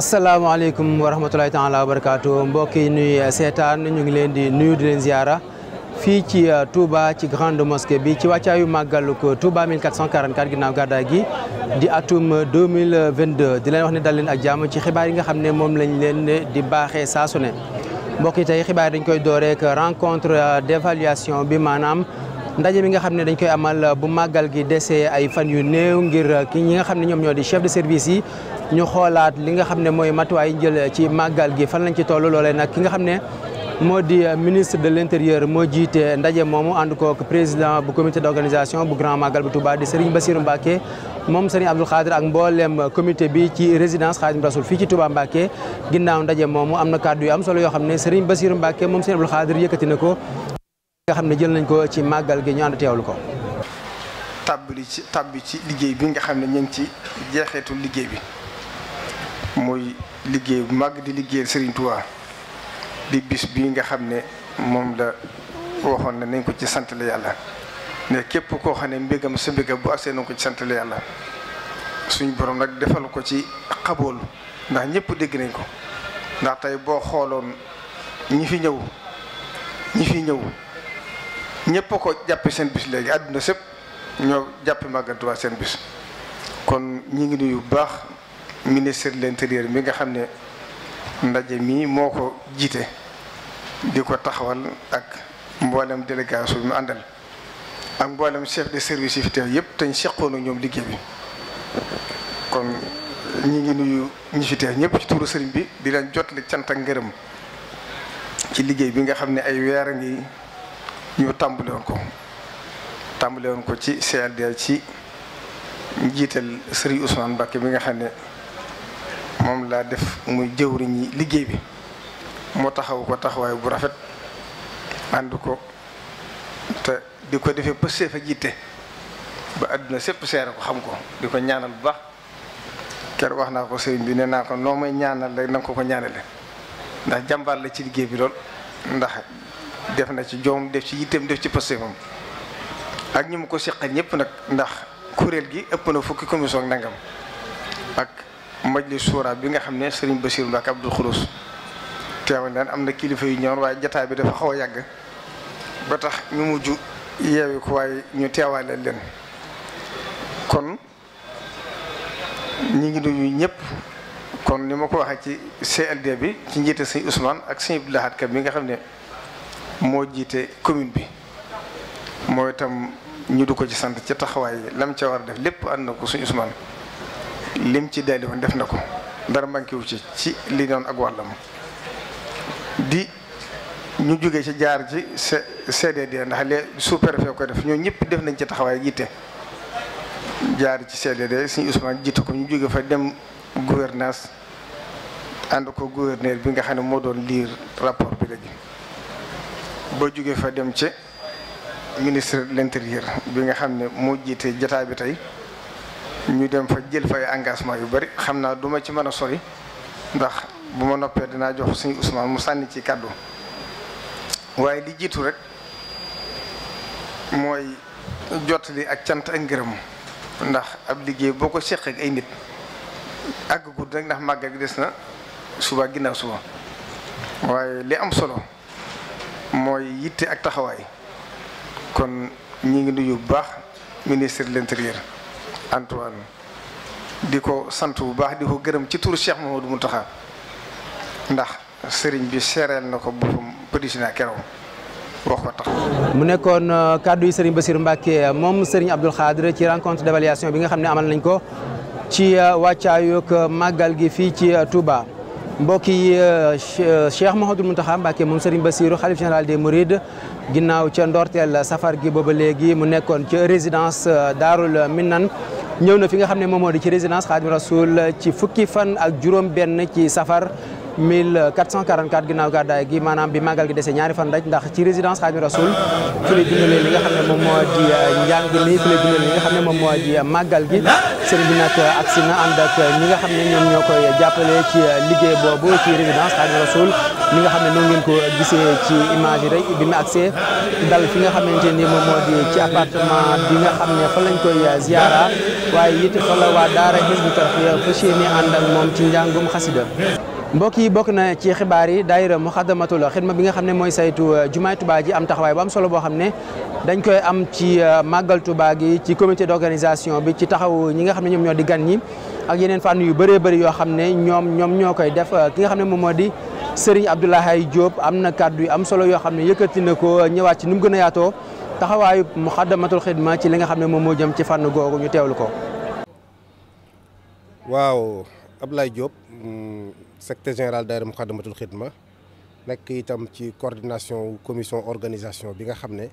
asalaamaaleykum wa rahmatulahi taala wa barakaatu mbokk yi nuyu seetaan ñu ngi leen di nuyu di leen ziara fii ci uh, Touba ci grande mosquée bi ci wàccaayu màggalu ko uh, Touba 1444 ginnaaw gàddaay gi di atum 2022 uh, di leen wax ne dal leen ak jàmm ci xibaar yi nga xam ne moom lañ leen di baaxee saa su mbokk yi tey xibaar dañ koy dooreek rencontre d'évaluation bi maanaam ndaje mi nga xam ne dañ koy amal bu màggal gi dese ay fan yu néew ngir ki ñi nga xam ne ñoom ñoo di chef de service yi ñu xoolaat li nga xam ne mooy matuwaay jël ci màggal gi fan lañ ci toll loolee nag ki nga xam ne moo di ministre de l'intérieur moo jiite ndaje moomu ànd kook président bu comité d'organisation bu grand màggal bu Touba di Serigne Bassirou Mbacké moom Serigne Abdou Khadir ak mboolem comité bi ci résidence Khadim Rasoul fii ci tubaam Mbacké ginnaaw ndaje moomu am na kàddu yu am solo yoo xam ne Serigne Bassirou Mbacké moom Serigne Abdou Khadir yëkkati na ko nga xam ne jël nañ ko ci màggal gi ñu ànd teewlu ko. tàbbali ci ci liggéey bi nga xam ne ñu ngi ci jeexeetu liggéey bi muy liggéey bu màgg di liggéeyal Serigne Touba di bis bii nga xam ne moom la waxoon ne nañ ko ci sant la yàlla ne képp koo xam ne mbégam sa mbégam bu agsee nañ ko ci sant la yàlla suñ borom nag defal ko ci xabool ndax ñëpp dégg nañ ko ndax tey boo xooloon ñi fi ñëw ñi fi ñëw. ñëpp ko jàppe seen bis léegi àdduna sëpp ñoo jàpp màggal Tuubaa seen bis kon ñi ngi nuyu bu baax ministre de l'intérieur mi nga xam ne ndaje mii moo ko jiite di ko taxawal ak mboolem délégation bi mu àndal ak mboolem chef de service yi fi teew yëpp te ñu seqoon ñoom liggéey bi kon ñi ngi nuyu ñi fi teew ñëpp ci tuuru sëriñ bi di leen jotali cant ak ngërëm ci liggéey bi nga xam ne ay weer a ngi ñu tàmbale woon ko tàmbale woon ko ci CRD ci njiital Serigne Ousmane Mbacké bi nga xam ne moom laa def muy jëwriñi liggéey bi moo taxaw ko taxawaay bu rafet ànd ko te di ko defee pësee fa jiite ba àdduna sépp seere ko xam ko di ko ñaanal bu baax ker wax naa ko sëriñ bi ne naa ko noo may ñaanal rek na ko ko ñaanale ndax jàmbaar la ci liggéey bi lool ndax def na ci jom def ci yitteem def ci pëstéefam ak ñu mu ko seqal ñépp nag ndax kuréel gi ëpp na fukki commission ak nangam ak majlis suura bi nga xam ne sëriñ Basiir Mbàkke Abdul Xulus teewal leen am na kilifa yu ñëwoon waaye jataay bi dafa xaw a yàgg ba tax ñu mujj yeewi ko waaye ñu teewaale leen kon ñu ngi nuyu ñëpp kon ni ma ko waxee ci CLD bi ci njiite sëñ Ousmane ak sëñ Abdou Lahad Ka bi nga xam ne moo jiite commune bi moo itam ñu du ko ci sant ca taxawaay lam ca war a def lépp ànd na ko suñu Ousmane lim ci daldi woon def na ko dara manqué wu ci ci li doon ak wàllam di ñu jógee ci jaar ci CDD ndax le sous-préfet koy def ñoo ñëpp def nañ ca taxawaay jiite jaar ci CDD suñu Ousmane jiite ko ñu jóge fa dem gouvernance ànd ko gouverneur bi nga xam ne moo doon lire rapport bi léegi ba jóge fa dem ci ministre de l'intérieur bi nga xam ne moo jiite jotaay bi tey ñu dem fa jël fay engagement yu bari xam naa duma ci mën a sori ndax bu ma noppee dinaa jox suñu Ousmane mu sànni ci kàddu waaye li jiitu rek mooy jotli ak cant ak ngërëm ndax ab liggéey boo ko seqee ak ay nit àgg gudd rek ndax màggal gi des na suba ginnaaw suba waaye li am solo mooy yitte ak taxawaay kon ñi ngi nuyu bu baax ministre de l'intérieur Antoine di ko sant bu baax di ko gërëm ci turu Cheikh mu taxa ndax sëriñ bi seereel na ko boppam président keroog wax ko tax. mu nekkoon euh, kàddu yi sëriñ Bassirou Mbacke moom sëriñ Abdoul Khadre ci rencontre d'évaluation bi nga xam ne amal nañ ko ci euh, wàccaayug euh, màggal gi fii ci Touba. mbokk yi euh, euh, Cheikh Mouhamadou Mountakha Mbacké moom Serigne Bassirou xalif général des Mourides ginnaw ca ndortel safar gi booba léegi mu nekkoon ca résidence euh, Daarul Minnan ñëw na fi nga xam ne moom moo di ci résidence Khadim Rasoul ci fukki fan ak juróom benn ci safar 1444 ginnaaw gàddaay gi maanaam bi màggal gi dese ñaari fan rek ndax ci résidence Xaadimu Rasuul fi lay dundalee li nga xam ne moom moo di euh, njàng mi fi lay dundalee li nga xam ne moom moo di euh, màggal gi sëriñ bi nag euh, agsi na ànd ak ñi nga xam ne ñoom ñoo koy jàppale ci liggéey boobu ci résidence Xaadimu Rasuul mi nga xam ne noonu ngeen ko gisee ci image yi rek bi mu see dal fi nga xamante ni moom moo di ci appartement bi nga xam ne fa lañ koy ziara waaye it fa la waa daara Hizbut Tarqiyyah fas yéene ànd ak moom ci mbokk yi bokk na ci xibaar yi daayira muxaddamatul xidma bi nga xam ne mooy saytu uh, jumaay Tuubaa ji am taxawaay bu am solo boo xam ne dañ koy am ci uh, màggal Tuubaa yi ci comité d'organisation bi ci taxaw ñi nga xam ne ñoom ñoo di gan ñi ak yeneen fànn yu bëree bëri yoo xam ne ñoom ñoom ñoo koy def uh, ki nga xam ne moom moo di Serigne Abdoulaye Diop am na kàddu yu am solo yoo xam ne yëkkati na ko ñëwaat ci nu mu gën a yaatoo taxawaayu muxaddamatul xidma ci li nga xam ne moom moo jëm ci fànn googu ñu teewlu ko. waaw Abdoulaye mm, secrétaire général daayira Muxaddamatul Xidma nekk itam ci coordination commission organisation bi nga xam ne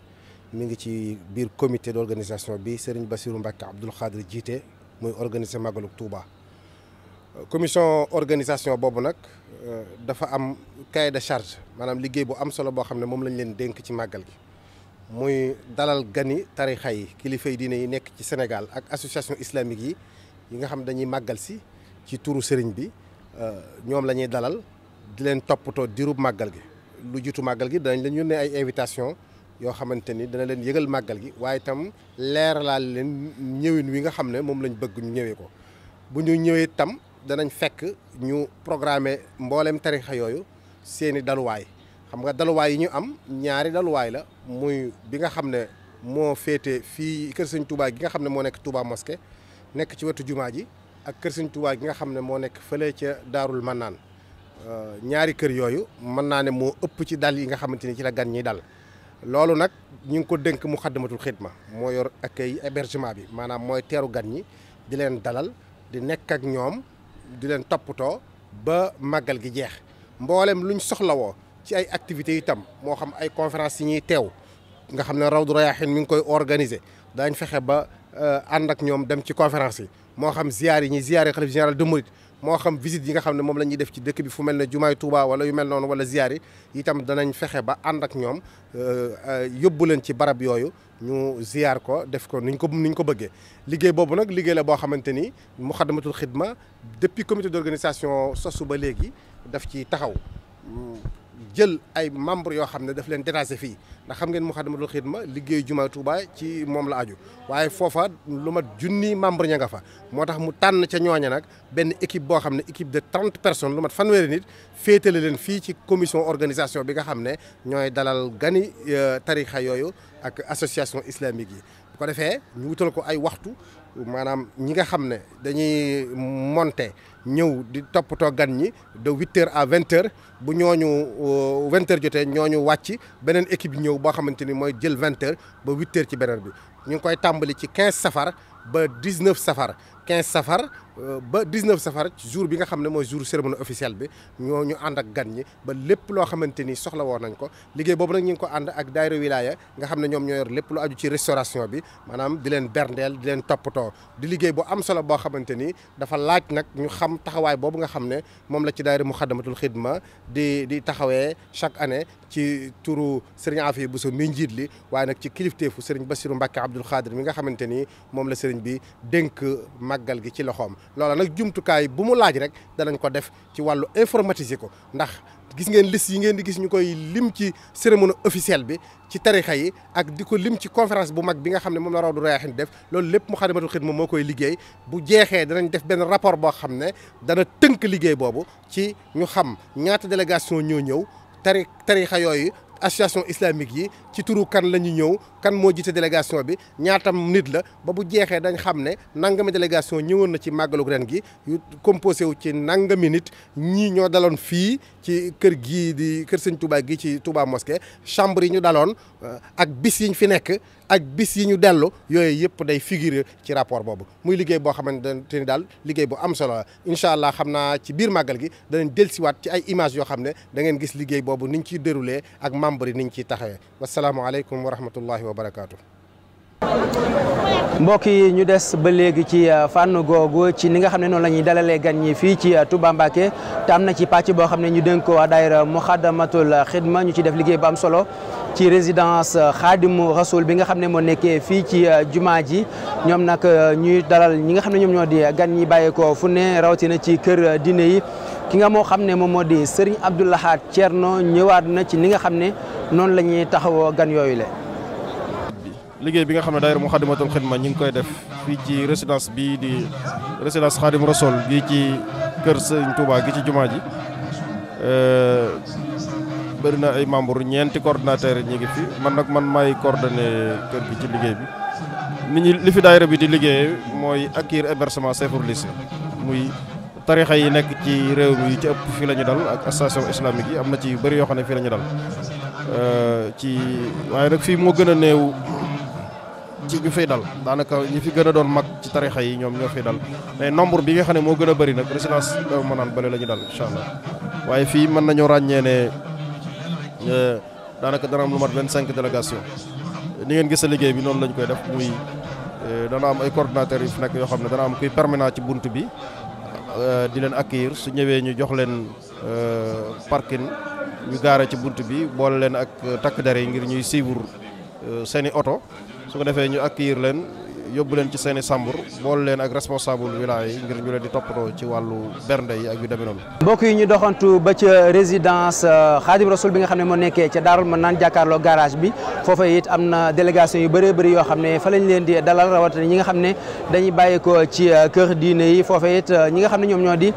mu ngi ci biir comité d'organisation bi Serigne Bassirou Mbacké Abdoul Khadr jiite muy organiser Magalou Touba. commission organisation boobu nag euh, dafa am cahier de charge maanaam liggéey bu am solo boo xam ne moom lañ leen dénk ci màggal gi muy dalal gani tarixa yi kilifa yi diine yi nekk ci Sénégal ak association islamique yi yi nga xam dañuy màggal si ci turu sëriñ bi. ñoom la ñuy dalal di leen toppatoo diirub màggal gi lu jiitu màggal gi danañ lañu yónnee ay invitation yoo xamante ni dana leen yëgal màggal gi waaye itam leeralaal leen ñëwin wi nga xam ne moom lañu bëgg ñu ñëwee ko bu ñu ñëwee itam danañ fekk ñu programmer mbooleem tarixa yooyu seeni daluwaay xam nga daluwaay yi ñu am ñaari daluwaay la muy bi nga xam ne moo féete fii kër sëñ Touba gi nga xam ne moo nekk Touba moske nekk ci wetu jumaa ji ak kër Sëñ Tuubaa gi nga xam ne moo nekk fële ca Daarul Mannaan euh, ñaari kër yooyu mën naa ne moo ëpp ci dal yi nga xamante ni ci la gan ñi dal loolu nag ñu ngi ko dénk mu xaddamatul xidma moo yor ak accueil hébergement bi maanaam mooy teeru gan ñi di leen dalal di nekk ak ñoom di leen toppatoo ba màggal gi jeex mboolem luñ soxlawoo ci ay activités itam moo xam ay conférence yi ñuy teew nga xam ne Rawdu Rayaahin mi ngi koy organiser daañ fexe ba euh, ànd ak ñoom dem ci conférence yi moo xam ziar yi ñuy ziare xalif général de Mouride moo xam visite yi nga xam ne moom la ñuy def ci dëkk bi fu mel ne jumaay Touba wala yu mel noonu wala ziar yi itam danañ fexe ba ànd ak ñoom euh, euh, yóbbu leen ci barab yooyu ñu ziar ko def ko niñ ko niñ ko bëggee liggéey boobu nag liggéey la boo xamante ni Muxaddamatul Xidma depuis comité d'organisation sosu ba léegi daf ci taxaw jël ay membre yoo xam ne daf leen détaché fii ndax xam ngeen Moukhaddamatoul Khidma liggéey jumaa Touba ci moom la aju waaye foofa lu mat junni membre ña nga fa moo tax mu tànn ca ñooña nag benn équipe boo xam ne équipe de trente personnes lu mat fanweeri nit féetale leen fii ci commission organisation bi nga xam ne ñooy dalal gani euh, tarixa yooyu ak association islamique yi ko defee ñu wutal ko ay waxtu maanaam ñi nga xam ne dañuy monter ñëw di toppatoo gan ñi de huit heures à vingt heures bu ñooñu euh, vingt heures jotee ñooñu wàcc beneen équipe ñëw boo xamante ni mooy jël vingt ba huit ci beneen bi ñu ngi koy tàmbali ci quinze safar ba dix neuf safar quinze safar ba 19 safar jour bi nga xam ne mooy jour cérémonie officielle bi ñoo ñu ànd ak gan ñi ba lépp loo xamante ni soxla woon nañ ko liggéey boobu nag ñu ngi ko ànd ak daayira wilaya nga xam ne ñoom ñoo yor lépp lu aju ci restauration bi maanaam di leen berndeel di leen toppatoo di liggéey bu am solo boo xamante ni dafa laaj nag ñu xam taxawaay boobu nga xam ne moom la ci daayira muxaddamatul xidma di di taxawee chaque année ci turu sëriñ Afiya Bousso mi njiit li waaye nag ci kilifteefu sëriñ Bassirou Mbacke Abdoul Khadir mi nga xamante ni moom la sëriñ bi dénk màggal gi ci loxoom loola nag jumtukaay bu mu laaj rek danañ ko def ci wàllu informatiser ko ndax gis ngeen liste yi ngeen di gis ñu koy lim ci cérémonie officielle bi ci tarixa yi ak di ko lim ci conférence bu mag bi nga xam ne moom la Rawdu Rayaahin def loolu lépp Moukhaddamatoul Khidma moo koy liggéey bu jeexee danañ def benn rapport boo xam ne dana tënk liggéey boobu ci ñu xam ñaata délégation ñoo ñëw tari tarixa yooyu association islamique yi ci turu kan la ñu ñëw kan moo jiite délégation bi ñaatam nit la ba bu jeexee dañ xam ne nangami délégation ñëwoon na ci màggalu ren gi yu composé wu ci nangami nit ñii ñoo daloon fii ci kër gi di kër sëñ Touba gi ci Touba mosquée chambre yi ñu daloon euh, ak bis yi ñu fi nekk. ak bis yi ñu dellu yooyu yëpp day figurer ci rapport boobu muy liggéey boo xamante ni daal liggéey bu am solo la incha allah xam naa ci biir màggal gi danañ delsiwaat ci ay images yoo xam ne da ngeen gis liggéey boobu niñ ciy déroulé ak membre yi niñ ciy taxawee wasalaamualeykum wa rahmatullahi wa barakaatu. mbokk yi ñu des ba léegi ci euh, fànn googu ci ni nga xam ne noonu la ñuy dalalee gan ñi fii ci euh, Touba Mbacké te am na ci pàcc boo xam ne ñu dénk ko daayira Muxaddamatul Xidma ñu ci def liggéey bu am solo ci résidence euh, Xaadimu Rasul bi nga xam ne moo nekkee fii ci jumaa ji ñoom nag ñuy dalal ñi nga xam ne ñoom ñoo di gan ñi bàyyeekoo fu ne rawatina ci kër diine yi ki nga moo xam ne moom moo di Serigne Abdou Lahad Thierno ñëwaat na ci ni nga xam ne noonu la ñuy taxawoo gan yooyu le liggéey bi nga xam ne daayira Muxaddamatul Xidma ñu ngi koy def fii ci résidence bii di résidence Xaadim Rasool bii ci kër Sëñ Touba gi ci jumaa ji eh, bëri na ay membres ñeenti coordonnateur ñu ngi fi man nag man may coordonné kër gi ci liggéey bi nit ñi li fi daayira bi di liggéey mooy accueil et versement c'est pour lycée muy tarixa yi nekk ci réew mi ci ëpp fii la ñu dal ak association islamique yi am na ci yu bëri yoo xam ne fii la ñu dal eh, ci waaye nag ci ñu fay dal daanaka ñi fi gën a doon mag ci tarixa yi ñoom ñoo fay dal mais nombre bi nga xam ne moo gën a bëri nag résidence doo ma naan bële la ñu dal incha waaye fii mën nañoo ràññee ne euh, daanaka dana am lu mat cinq délégation ni ngeen gis sa liggéey bi noonu lañ koy def muy euh, dana am ay coordinateurs yi fi nekk yoo xam ne dana am kuy permanent ci bunt bi euh, di leen accueillir su ñëwee ñu jox leen parking ñu gaare ci bunt bi boole leen ak takk der yi ngir ñuy suivre seeni oto su ko defee ñu accueillir leen yóbbu leen ci seen i sàmbur boole leen ak responsable wilaya yi ngir ñu leen di toppatoo ci wàllu bernde yi ak yu demee noonu. mbokk yi ñu doxantu ba ca résidence Xaadim euh, Rasul bi nga xam ne moo nekkee ca Daarul Manaan jàkkaarloo garage bi foofa it am na délégation yu bëree bëri yoo xam ne fa lañ leen di dalal rawatina ñi nga xam ne dañuy bàyyeekoo ci euh, kër diine yi foofa it euh, ñi nga xam ne ñoom ñoo di.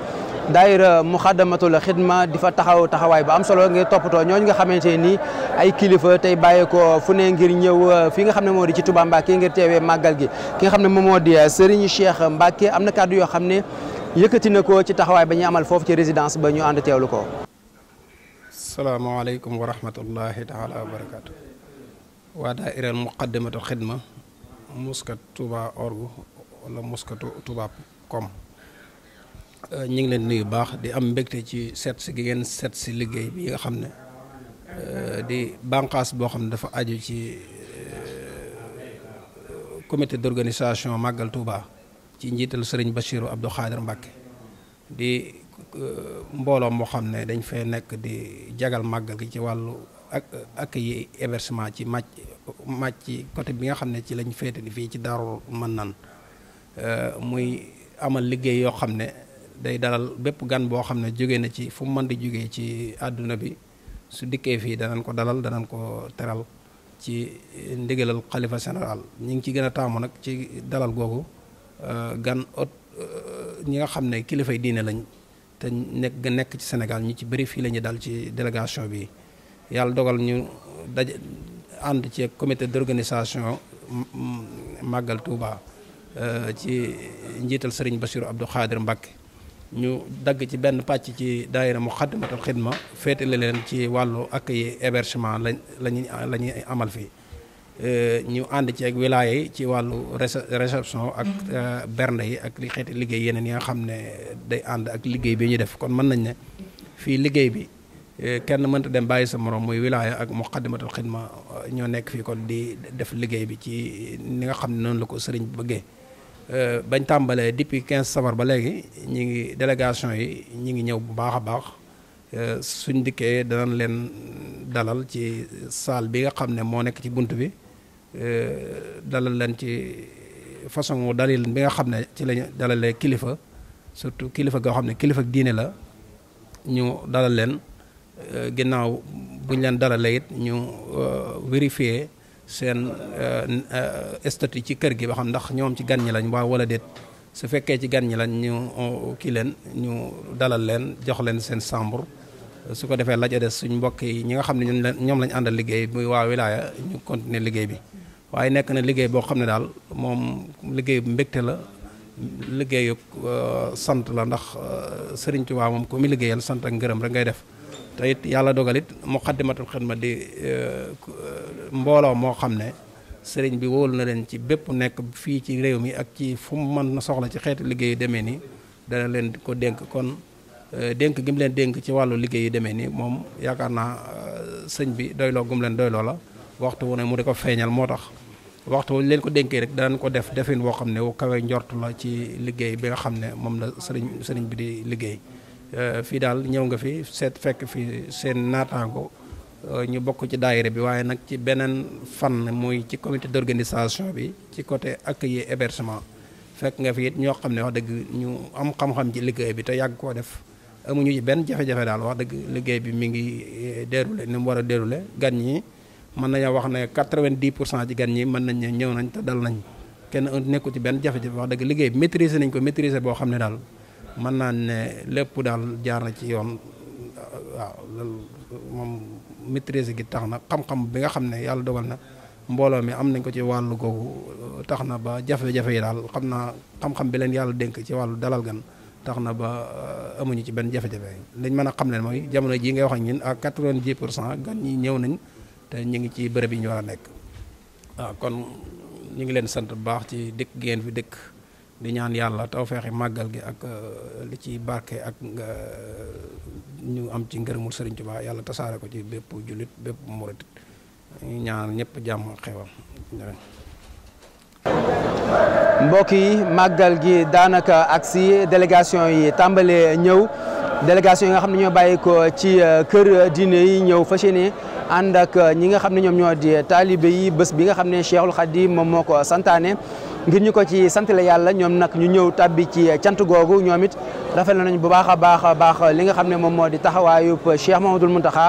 daayira muxaddamatul xidma di fa taxaw taxawaay ba am solo ngir toppatoo ñooñu nga xamante ni ay kilifa tey bàyyi ko fu ne ngir ñëw uh, fi nga xam ne moo di ci Touba Mbacké ngir teewee màggal gi ki nga xam ne moom moo di uh, Serigne Cheikh Mbacké am na kàddu yoo xam ne yëkkati na ko ci taxawaay ba ñuy amal foofu ci résidence ba ñu ànd teewlu ko. salaamaaleykum wa rahmatullahi taala wa barakaatu. waa daayira muxaddamatul xidma muskatu Touba org Euh, ñu ngi leen nuyu baax di am mbégte ci seet si gi ngeen seet si liggéey bi nga xam ne euh, di banqaas boo xam ne dafa aju ci euh, comité d'organisation Màggal Touba ci njiital sëriñ Bachirou Abdou Khadir Mbacké di mbooloo moo xam ne dañ fee nekk di jagal màggal gi ci wàllu ak ak yi hébergement ci màcc màcc ci côté bi nga xam ne ci lañ féete di fii ci Daaru Manaan muy amal liggéey yoo xam ne day dalal bépp gan boo xam ne jóge na ci fu man di jógee ci àdduna bi su dikkee fii danañ ko dalal danañ ko teral ci ndigalal xalifa général ñi ngi ci gën a taamu nag ci dalal googu euh, gan euh, ñi nga xam ne kilifay diine lañ te nekk nekk ci Sénégal ñu ci bëri fii la ñu dal ci délégation bi yàlla dogal ñu daje ànd ci comité d'organisation màggal Touba euh, ci njiital Serigne Bassirou Abdou Khadir Mbacké ñu dagg ci benn pàcc ci daayira Muxaddamatul Xidma féetale leen ci wàllu ak yi hébergement lañ lañuy la ñuy amal fii euh, ñu ànd ci ak wilaaya yi ci wàllu réception ak mm-hmm. euh, bernde yi ak li xeeti liggéey yeneen yi nga xam ne day ànd ak liggéey bi ñu def kon mën nañ ne fii liggéey bi euh, kenn mënta dem bàyyi sa moroom muy wilaaya ak Muxaddamatul Xidma ñoo nekk fii kon di def liggéey bi ci ni nga xam ne noonu la ko sëriñ bi bëggee Euh, bañ tàmbalee depuis 15 safar ba léegi ñi ngi délégation yi ñi ngi ñëw bu baax a baax euh, suñ dikkee danañ leen dalal ci salle bi nga xam ne moo nekk ci bunt bi euh, dalal leen ci façon dalil bi nga xam ne ci lañ dalalee kilifa surtout kilifa goo xam ne kilifa diine la ñu dalal leen ginnaaw buñ leen dalalee it ñu vérifier seen euh, euh, statut ci kër gi ba xam ndax ñoom ci gan ñi lañ waaw wala déet su fekkee ci gan ñi lañ ñu euh, kii leen ñu dalal leen jox leen seen chambre su ko defee laja des suñ mbokk yi ñi nga xam ne ñoom lañu àndal liggéey muy waa wilaaya ñu continuer liggéey bi waaye nekk na liggéey boo xam ne daal moom liggéey bu mbégte la liggéeyu sant la ndax Sëriñ waa moom ku mi liggéeyal sant ak ngërëm rek ngay def te it yàlla dogal it muqaddimatul xidma di euh, mbooloo moo xam ne sëriñ bi wóolu na leen ci bépp nekk fii ci réew mi ak ci fu mu mën na soxla ci xeetu liggéey yu demee nii dana leen ko dénk kon euh, dénk gi mu leen dénk ci wàllu liggéey demee nii moom yaakaar naa euh, sëñ bi doyloo gum leen doyloo la waxtu wu ne mu di ko feeñal moo tax waxtu wu leen ko dénkee rek danañ ko def defin woo xam ne wu kawe njort la ci liggéey bi nga xam ne moom la sëriñ sëriñ bi di liggéey. Euh, fii daal ñëw nga fi seet fekk fi seen naataango euh, ñu bokk ci daayira bi waaye nag ci beneen fan muy ci comité d'organisation bi ci côté accueil hébergement fekk nga fi it ñoo xam ne wax dëgg ñu am xam-xam ci liggéey bi te yàgg koo def amuñu ci benn jafe-jafe daal wax dëgg liggéey bi mi ngi eh, déroulé ni mu war a déroulé gan ñi mën nañoo wax ne quatre-vingt-dix pour cent ci gan ñi mën nañ ne ñëw nañ te dal nañ kenn nekku ci benn jafe-jafe wax dëgg liggéey bi maîtriser nañ ko maîtriser boo xam ne daal mën naa ne lépp daal jaar na ci yoon waaw loolu moom maîtrise gi tax na xam-xam bi nga xam ne yàlla dogal na mbooloo mi am nañ ko ci wàllu googu euh, tax na ba jafe-jafe yi daal xam naa xam-xam bi leen yàlla dénk ci wàllu dalal gan tax na ba euh, amuñu ci benn jafe-jafe liñ mën a xam leen mooy jamono jii ngay wax ak ñun à quatre-vingt-dix pour cent gan ñi ñëw nañ te ñu ngi ci bërëb yi ñu war nekk waaw kon ñu ngi leen sant bu baax ci dëkk geen fi dëkk di ñaan yàlla tawfeexi màggal gi ak euh, li ci barke ak nga euh, ñu am ci ngërëmul Sëriñ Tuubaa yàlla tasaare ko ci bépp jullit bépp murit ñaan ñëpp jàmm ak xewam mbokk yi màggal gi daanaka ak si délégation yi tàmbalee ñëw délégation yi nga xam ne ñoo bàyyi ko ci euh, kër diine ñëw fas yéene ànd ak ñi nga xam ne ñoom ñoo di taalibe yi bés bi nga xam ne Cheikhul Khadim moom moo ko santaane ngir ñu ko ci sant la yàlla ñoom nag ñu ñëw tàbbi ci cant googu ñoom it rafetlu nañ bu baax a baax a baax li nga xam ne moom moo di taxawaayub Cheikh Mouhamadoul Mountakha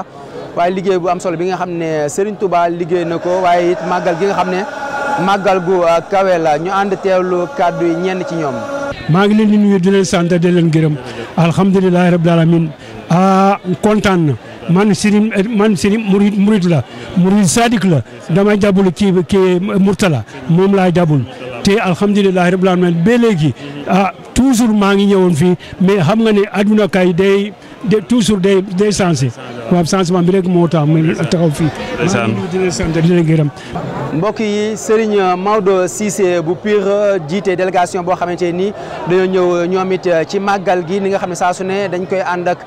waaye liggéey bu am solo bi nga xam ne Serigne Touba liggéey na ko waaye it màggal gi nga xam ne màggal gu kawe la ñu ànd teewlu kàddu yi ñenn ci ñoom. maa ngi leen di nuyu di leen sant di leen gërëm alhamdulilah rabbil alamin ah kontaan na man Serigne man Serigne Mouride Mouride la Mouride Sadik la dama jàppale kii kii Mourtala moom laa jàppale. te alhamdulilah rabbil alamin ba léegi ah toujours maa ngi ñëwoon fii mais xam nga ne adduna kay day de toujours day day sensé waaw changement bi rek moo tax muy taxaw fii. sant di leen gërëm. mbokk yi Serigne Maodo Cissé bu Pire jiite délégation boo xamante ni dañoo ñëw ñoom it ci màggal gi ni nga xam ne saa su ne dañ koy ànd ak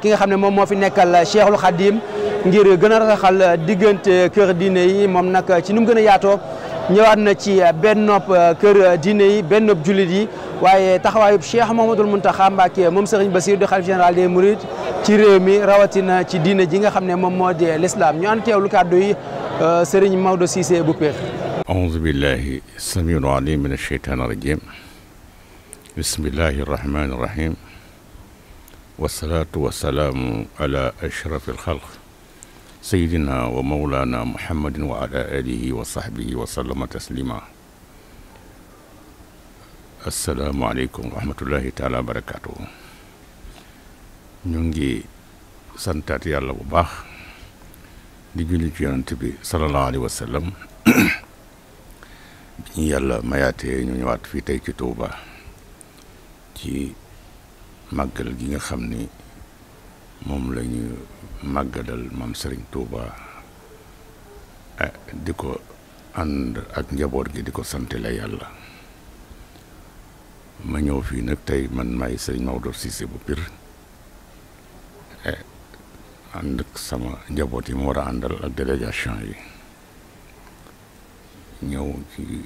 ki nga xam ne moom moo fi nekkal Cheikhul Khadim ngir gën a raxal diggante kër diine yi moom nag ci nu gën a yaatoo. ñëwaat na ci euh, benn nopp euh, kër euh, diine yi benn nopp jullit yi waaye taxawaayub Cheikh Mouhamadoul Mountakha Mbacké moom Serigne Bassirou di xalif général des Mourides ci réew mi rawatina ci diina ji nga xam ne moom moo di l'islam ñu ànd teewlu kàddu yi Serigne Maodo Cissé bu Péex aouzu billahi samiul alim min asheytan irajim bismillahi arrahmani irrahim wasalatu wasalaamu ala ashraf alxalq sayyidina wa mawlaana muhammadin wa ala alihi wa sahbihi wa sallama taslima asalaamualeykum wa rahmatullahi taala wa barakaatu ñu ngi santaat yàlla bu baax di julli ci yonent bi sallallahu alayhi wa sallam bi ñu yàlla mayaatee ñu ñëwaat fii tey ci Touba ci gi nga xam ni moom la ñu màggadal maam Serigne Touba eh, di ko ànd ak njaboot gi di ko sant la yàlla ma ñëw fii nag tey man maay Serigne Maodo Cissé bu Pire eh, ànd sama njaboot yi ma war a àndal ak délégation yi ñëw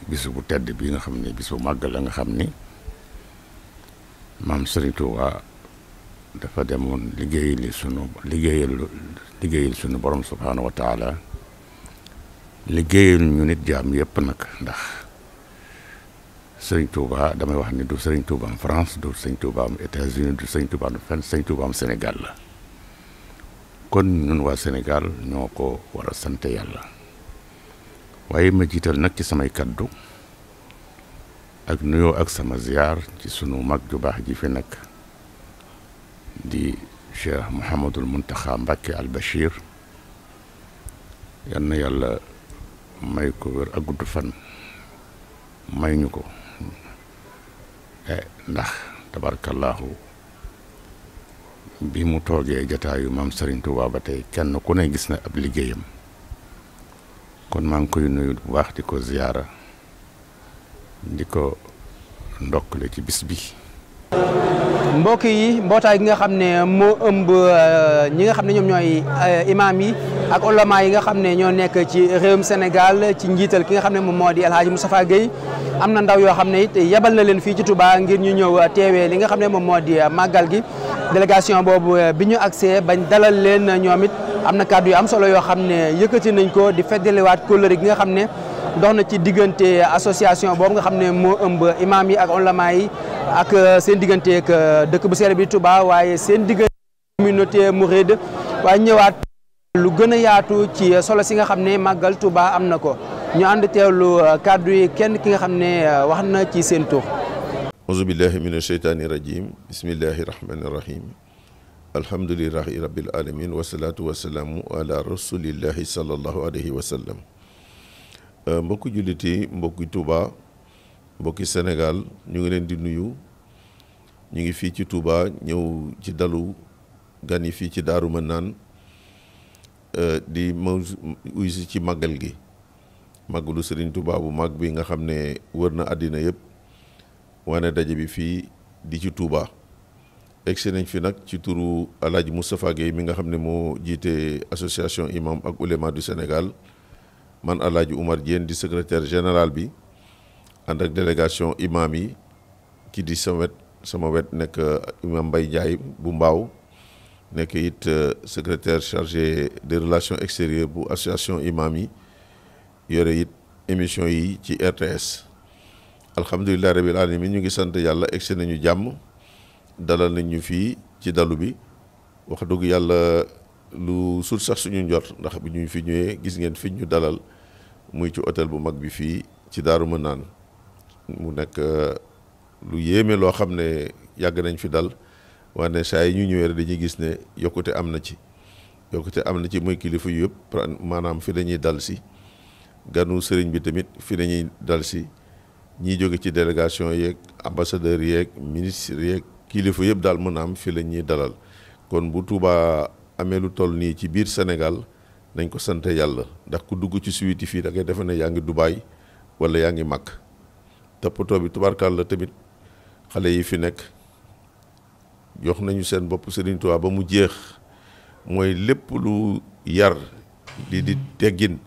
bis bu tedd bi nga xam ne bis bu màgg la nga xam ni maam Serigne Touba. dafa demoon liggéey li sunu liggéeyal borom subhaanahu wa taala liggéeyal ñu nit jaam yëpp nag ndax sëriñ Touba damay wax ni du sëriñ Touba am France du sëriñ Touba am États-Unis du sëriñ Touba am fenn sëriñ Touba am Sénégal la kon ñun waa Sénégal ñoo ko war a sant yàlla waaye ma jiital nag ci samay kaddu ak nuyoo ak sama ziar ci sunu mag ju baax ji fi nekk. di cheikh Mouhamadul Muntaxa Mbàkke al Bachir yal na yàlla may ko wér ak gudd fan may ñu ko eh, ndax tabarkallaahu bi mu toogee jataayu maam Serigne Touba ba tey kenn ku ne gis na ab liggéeyam kon maa ngi koy nuyu bu baax di ko ziyaara di ko le ci bisbi mbokk yi mbootaay gi nga xam ne moo ëmb euh, ñi nga xam ne ñoom ñooy euh, imaam yi ak ulama yi nga xam ne ñoo nekk ci réewum Sénégal ci njiital ki nga xam ne moom moo di El Hadj Moustapha Guèye am na ndaw yoo xam ne it yebal na leen fii ci tubaa ngir ñu ñëw euh, teewee li nga xam ne moom moo di màggal gi délégation boobu bi ñu agsee bañ dalal leen ñoom it am na kàddu yu am solo yoo xam ne yëkkati nañ ko di feddaliwaat kóllëre gi nga xam ne dox na ci diggante association boobu nga xam ne moo ëmb imaam yi ak ulama yi ak euh, seen diggante euh, dëkk bu sell bi tubaa waaye seen diggante communauté mouride waaye ñëwaat lu gën a yaatu ci solo si nga xam ne màggal tubaa am na ko ñu ànd teewlu euh, kàddu yi kenn ki nga xam ne wax na ci seen tur auzu billahi min asheytaani rajim bismillahi rahmani rahim alhamdulilahi rabbil alamin wasalatu wasalaamu ala rasulillahi sallallahu alayhi wa sallam Euh, mbokku jullit yi mbokki Touba mbokki Sénégal ñu ngi leen di nuyu ñu ngi fii ci Touba ñëw ci dalu gan yi fii ci Daaru Manaan euh, di ma ci màggal gi màggalu Serigne Touba bu mag bi nga xam ne wër na àddina yëpp wane daje bi fii di ci Touba egsi nañ fi nag ci turu Alaaji Moustapha Gueye mi nga xam ne moo jiite association imam ak ulema du Sénégal man Alaaji Umar Diène di secrétaire général bi ànd ak délégation imam yi ki di sama wet sama wet nekk euh, imam Mbaye Ndiaye bu Mbaaw nekk it euh, secretaire chargé de relation extérieures bu association imam yi yore it émission yi ci RTS alhamdulilah rabil alamin ñu ngi sant yàlla egsi nañu jàmm dalal nañ ñu fii ci dalu bi wax dëgg yàlla lu suut sax suñu njort ndax bi ñu fi ñëwee gis ngeen fi ñu dalal muy ci hôtel bu mag bi fii ci Daaru naan mu nekk euh, lu yéeme loo xam ne yàgg nañ fi dal wane saa yi ñu ñëwee rek dañuy gis ne yokkute am na ci yokkute am na ci muy kilifa yu yëpp maanaam fi lañuy dal si ganu sëriñ bi tamit fi lañuy dal si ñiy jóge ci délégation yeeg ambassadeur yeeg ministre yeeg kilifa yëpp daal mën a am fi la ñuy dalal kon bu Tuubaa amee lu toll nii ci biir senegal nañ ko sant yàlla ndax ku dugg ci suite fii da ngay defe ne yaa ngi Dubaay wala yaa ngi Makka toppatoo bi tubaarkàlla tamit xale yi fi nekk jox nañu seen bopp Serigne Touba ba mu jeex mooy lépp lu yar lii di deggin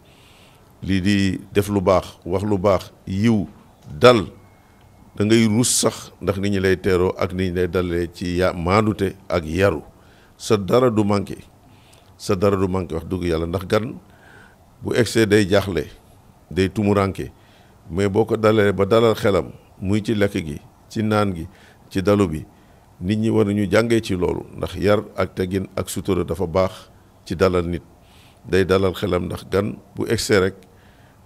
lii di def lu baax wax lu baax yiw dal dangay ruus sax ndax ni ñu lay teeroo ak ni ñu lay dalee ci ya maandute ak yaru sa dara du manqué sa dara du manqué wax dugg yàlla ndax gan bu egsee day jaaxle day tumuranke mais boo ko dalee ba dalal xelam muy ci lekk gi ci naan gi ci dalu bi nit ñi war nañu jàngee ci loolu ndax yar ak teggin ak sutura dafa baax ci dalal nit day dalal xelam ndax gan bu egsee rek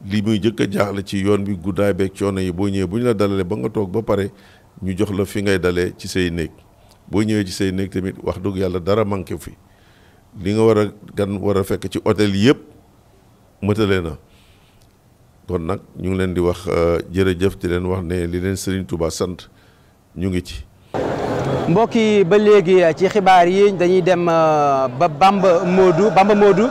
li muy jëkk a jaaxle ci yoon bi guddaay beeg coono yi boo ñëwee bu ñu la dalalee ba nga toog ba pare ñu jox la fi ngay dalee ci say néeg boo ñëwee ci say néeg tamit wax dëgg yàlla dara manqué fi li nga war a gan war a fekk ci hôtel yëpp mëtale na kon nag ñu ngi leen di wax euh, jërëjëf di leen wax ne li leen Serigne Touba sant ñu ngi ci. mbokk yi ba léegi euh, ci xibaar yi dañuy dem euh, ba Bamba Modou Bamba Modou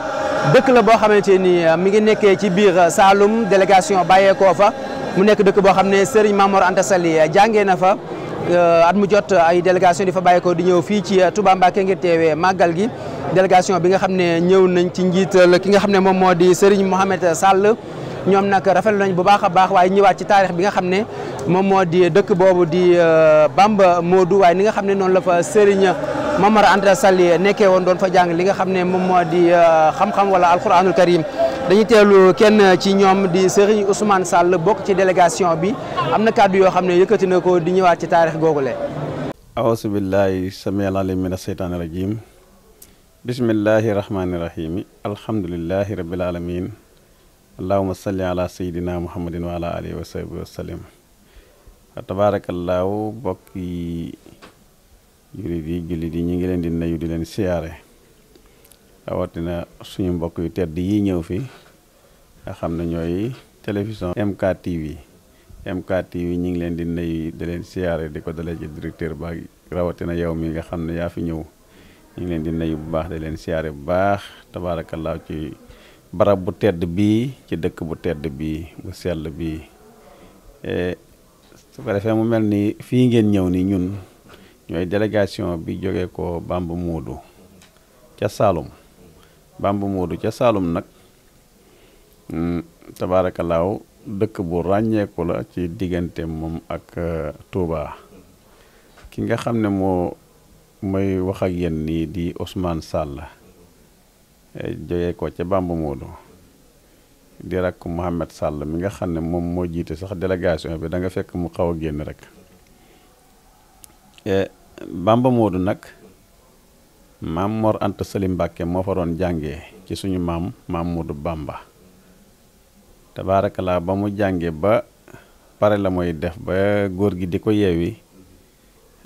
dëkk la boo xamante ni mi ngi nekkee ci biir Saalum délégation bàyyeekoo fa mu nekk dëkk boo xam ne Serigne Mamor Anta Sali jàngee na fa. Euh, at mu jot ay délégation di fa bàyyeekoo di ñëw fii ci euh, Touba Mbacké ngir teewee màggal gi délégation bi nga xam ne ñëw nañ ci njiital ki nga xam ne moom moo di Serigne Mohamed Sall ñoom nag rafetlu nañ bu baax a baax waaye ñëwaat ci taarix bi nga xam ne moom moo di dëkk boobu di euh, Bamba Modou waaye ni nga xam ne noonu la fa Serigne Mamar Anta Sall nekke woon doon fa jàng li nga xam ne moom moo di xam-xam wala alquranul karim dañu teelu kenn ci ñoom di Serigne Ousmane Sall bokk ci délégation bi am na kàddu yoo xam ne yëkkati na ko di ñëwaat ci taarix googule aousu billahi samial alim min asheytaani rajim bismillahi rahmaani rahimi alhamdulilahi rabil alamin allahuma salli ala sayidina muhammadin wa ala alihi wa sahbi wasalim tabaarakallaahu bokk yi jullit yi jullit yi ñu ngi leen di nuyu di leen siyaare rawatina suñu mbokk yu tedd yi ñëw fi nga xam na ñooy télévision MK TV MK TV ñu ngi leen di nuyu di leen siyaare di ko dalee ci directeur ba rawatina yow mi nga xam ne yaa fi ñëw ñu ngi leen di nuyu bu baax di leen siyaare bu baax laaw ci barab bu tedd bii ci dëkk bu tedd bii bu sell bii e, su ko defee mu mel ni fii ngeen ñëw ni ñun ñooy délégation bi jógee ko bàmb Moodu ca Saalum Bamba Moodu ca Saalum nag mm, tabarakalaaw dëkk bu ràññeeku la ci diggante moom ak uh, Touba ki nga xam ne moo mooy wax ak yéen nii di Ousmane Sall eh, jóge ko ca Bamba Moodu di rakk Mouhamed Sall mi nga xam ne moom moo jiite sax délégation bi danga fekk mu xaw a génn rek eh, Bamba Moodu nag maam Mor Anta Sali Mbàkke moo fa doon jàngee ci suñu maam maam Moodu Bàmba tabaarakalaa ba mu jàngee ba pare la mooy def ba góor gi di ko yeewi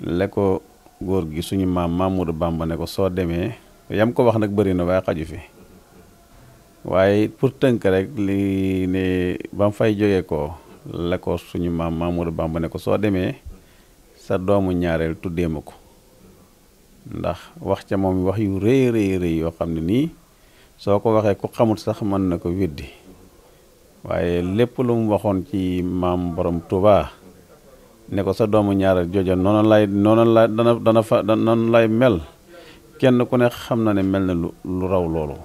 la góor gi suñu maam maam Moodu Bàmba ne ko soo demee yam ko wax nag bëri na waaye xaju fi waaye pour tënk rek li ne ba mu fay jógee ko la suñu maam Mamadou Bamba ne ko soo demee sa doomu ñaareel tuddee ma ko ndax wax ca moom wax yu rëy rëy rëy yoo xam ne nii soo ko waxee ku xamul sax man na ko weddi waaye lépp lu waxoon ci maam boroom Touba ne ko sa doomu ñaareel jooja noonu lay noonu lay dana dana fa noonu lay mel kenn ku ne xam na ne mel na lu lu raw loolu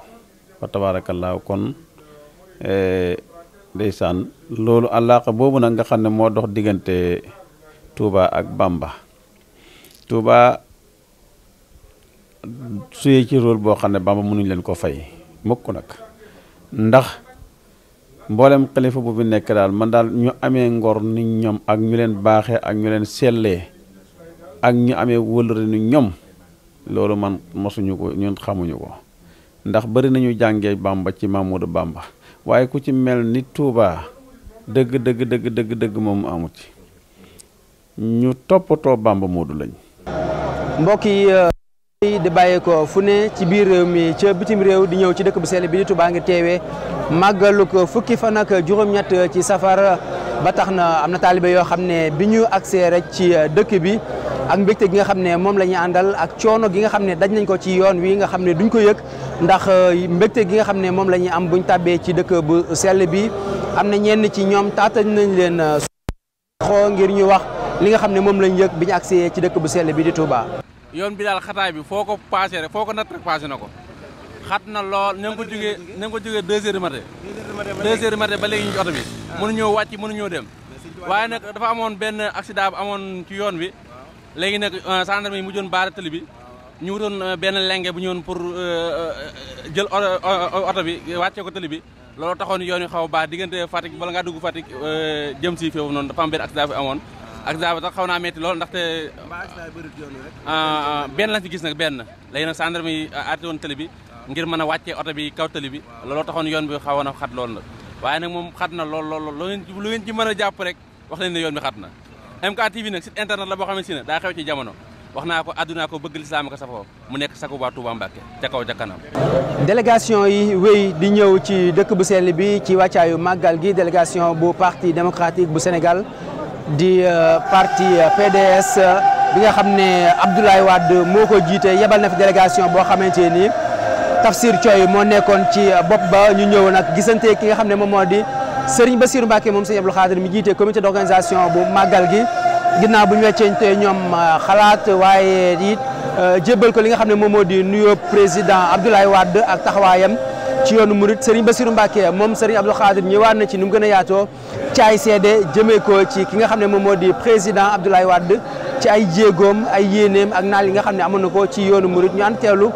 fa tabaarakallaa kon e, ndeysaan loolu àllaaqa boobu nag nga xam ne moo dox diggante Touba ak Bamba Touba suyee ci rôle boo xam ne Bamba mënuñ leen ko fay mukk nag ndax mboolem xalifa bu fi nekk daal man daal ñu amee ngor ni ñoom ak ñu leen baaxee ak ñu leen sellee ak ñu amee wëlëre ni ñoom loolu man mosuñu ko ñun xamuñu ko ndax bari nañu jàngee bàmba ci Mamadou bàmba waaye ku ci mel ni Touba dëgg dëgg dëgg dëgg dëgg moom amu ci ñu toppatoo Bamba Modou lañ mbokk euh, di bàyyeekoo fu ne ci biir réew mi ca bitim réew di ñëw ci dëkk bu sell bi di Touba ngir teewee màggalu ko fukki fan nag juróom-ñett ci safar ba tax na am na taalibe yoo xam ne bi ñu agsee rek ci dëkk bi ak mbégte gi nga xam ne moom la ñuy àndal ak coono gi nga xam ne daj nañ ko ci yoon wi nga xam ne duñ ko yëg ndax euh, mbégte gi nga xam ne moom la am buñ tàbbee ci dëkk bu sell bi am na ñenn ci ñoom taata nañ leen euh, xoo ngir ñu wax li nga xam ne moom lañ yëg bi ñu agsee ci dëkk bu sell bi di Touba. yoon bi daal xataay bi foo ko passé rek foo ko natt rek passé ko xat na lool na ko jógee na ko jógee deux heures du matin deux heures du matin ba léegi ñu ci oto bi ah. mënu ñoo wàcc mënu ñoo dem waaye nag dafa amoon benn accident bu amoon ci yoon bi léegi nag euh, gendarme yi mujjoon baare tali bi ñu wutoon euh, benn lenge bu ñëwoon pour euh, jël oto bi wàccee ko tali bi loolu taxoon yoon wi xaw a baax diggante Fatick bala ngaa dugg Fatick jëm si foofu noonu dafa am benn accident fi amoon accident bi tax xaw naa metti lool ndaxte ah, ah, benn lañ fi gis nag benn léegi nag gendarme yi ah, arrêté woon bi ngir mën a wàccee oto bi kaw tëli bi looloo taxoon yoon bi xawoon a xat lool nag waaye nag moom xat na lool lool lool lu ngeen ci mën a jàpp rek wax leen ne yoon bi xat na MK TV nag site internet la boo xamante na daa xew ci jamono wax naa ko àdduna ko bëgg lislaam ko safoo mu nekk Sakuba Touba Mbacke ca kaw ca kanam. délégation yi wéy di ñëw ci dëkk bu sell bi ci wàccaayu màggal gi délégation bu parti démocratique bu Sénégal di euh, parti euh, PDS euh, bi nga xam ne Abdoulaye Wade moo ko jiite yebal na fi délégation boo xamante ni Tafsir Thioye moo nekkoon ci bopp ba ñu ñëw nag gisante ki nga xam ne moom moo di Serigne Bassirou Mbacké moom Serigne Abdou Khadir mi jiite comité d'organisation bu màggal gi ginnaaw bu ñu weccente ñoom xalaat waaye it jébbal ko li nga xam ne moom moo di nuyoo président Abdoulaye Wade ak taxawaayam. ci yoonu murit sëriñ Bassirou Mbacke moom Serigne Abdou Khadir waan na ci nu mu gën a yaatoo ci ay seede jëmee ko ci ki nga xam ne moom moo di président Abdoulaye Wade ci ay jéegoom ay yéeneem ak naa li nga xam ne amoon na ko ci yoonu murit ñu ànd teelu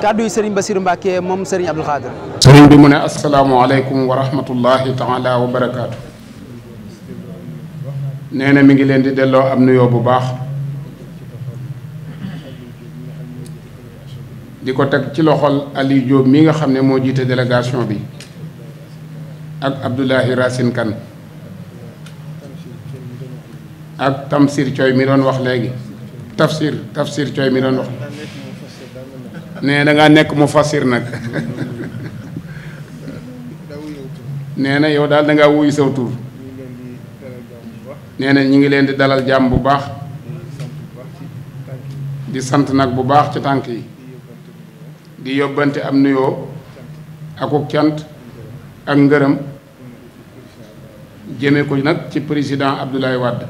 kàddu yi Serigne Bassirou Mbacke moom Serigne Abdou Khadir. Serigne bi mu ne asalaamaaleykum wa rahmatullahi taala wa barakaatu. nee na mi ngi leen di delloo am nuyoo bu baax. di ko teg ci loxol Aliou Diop mi nga xam ne moo jiite délégation bi ak Abdoulahi Racine Kane ak Tamsir Coy mi doon wax léegi Tafsir Tafsir Coy mi doon wax nee da ngaa nekk mu fasir nag nee na yow daal da ngaa wuyu saw tur nee na ñu ngi leen di dalal jàmm bu baax di sant nag bu baax ci tànk yi di yóbbante am nuyoo akuk cant ak ngërëm jëme ko nag ci président Abdoulaye Wade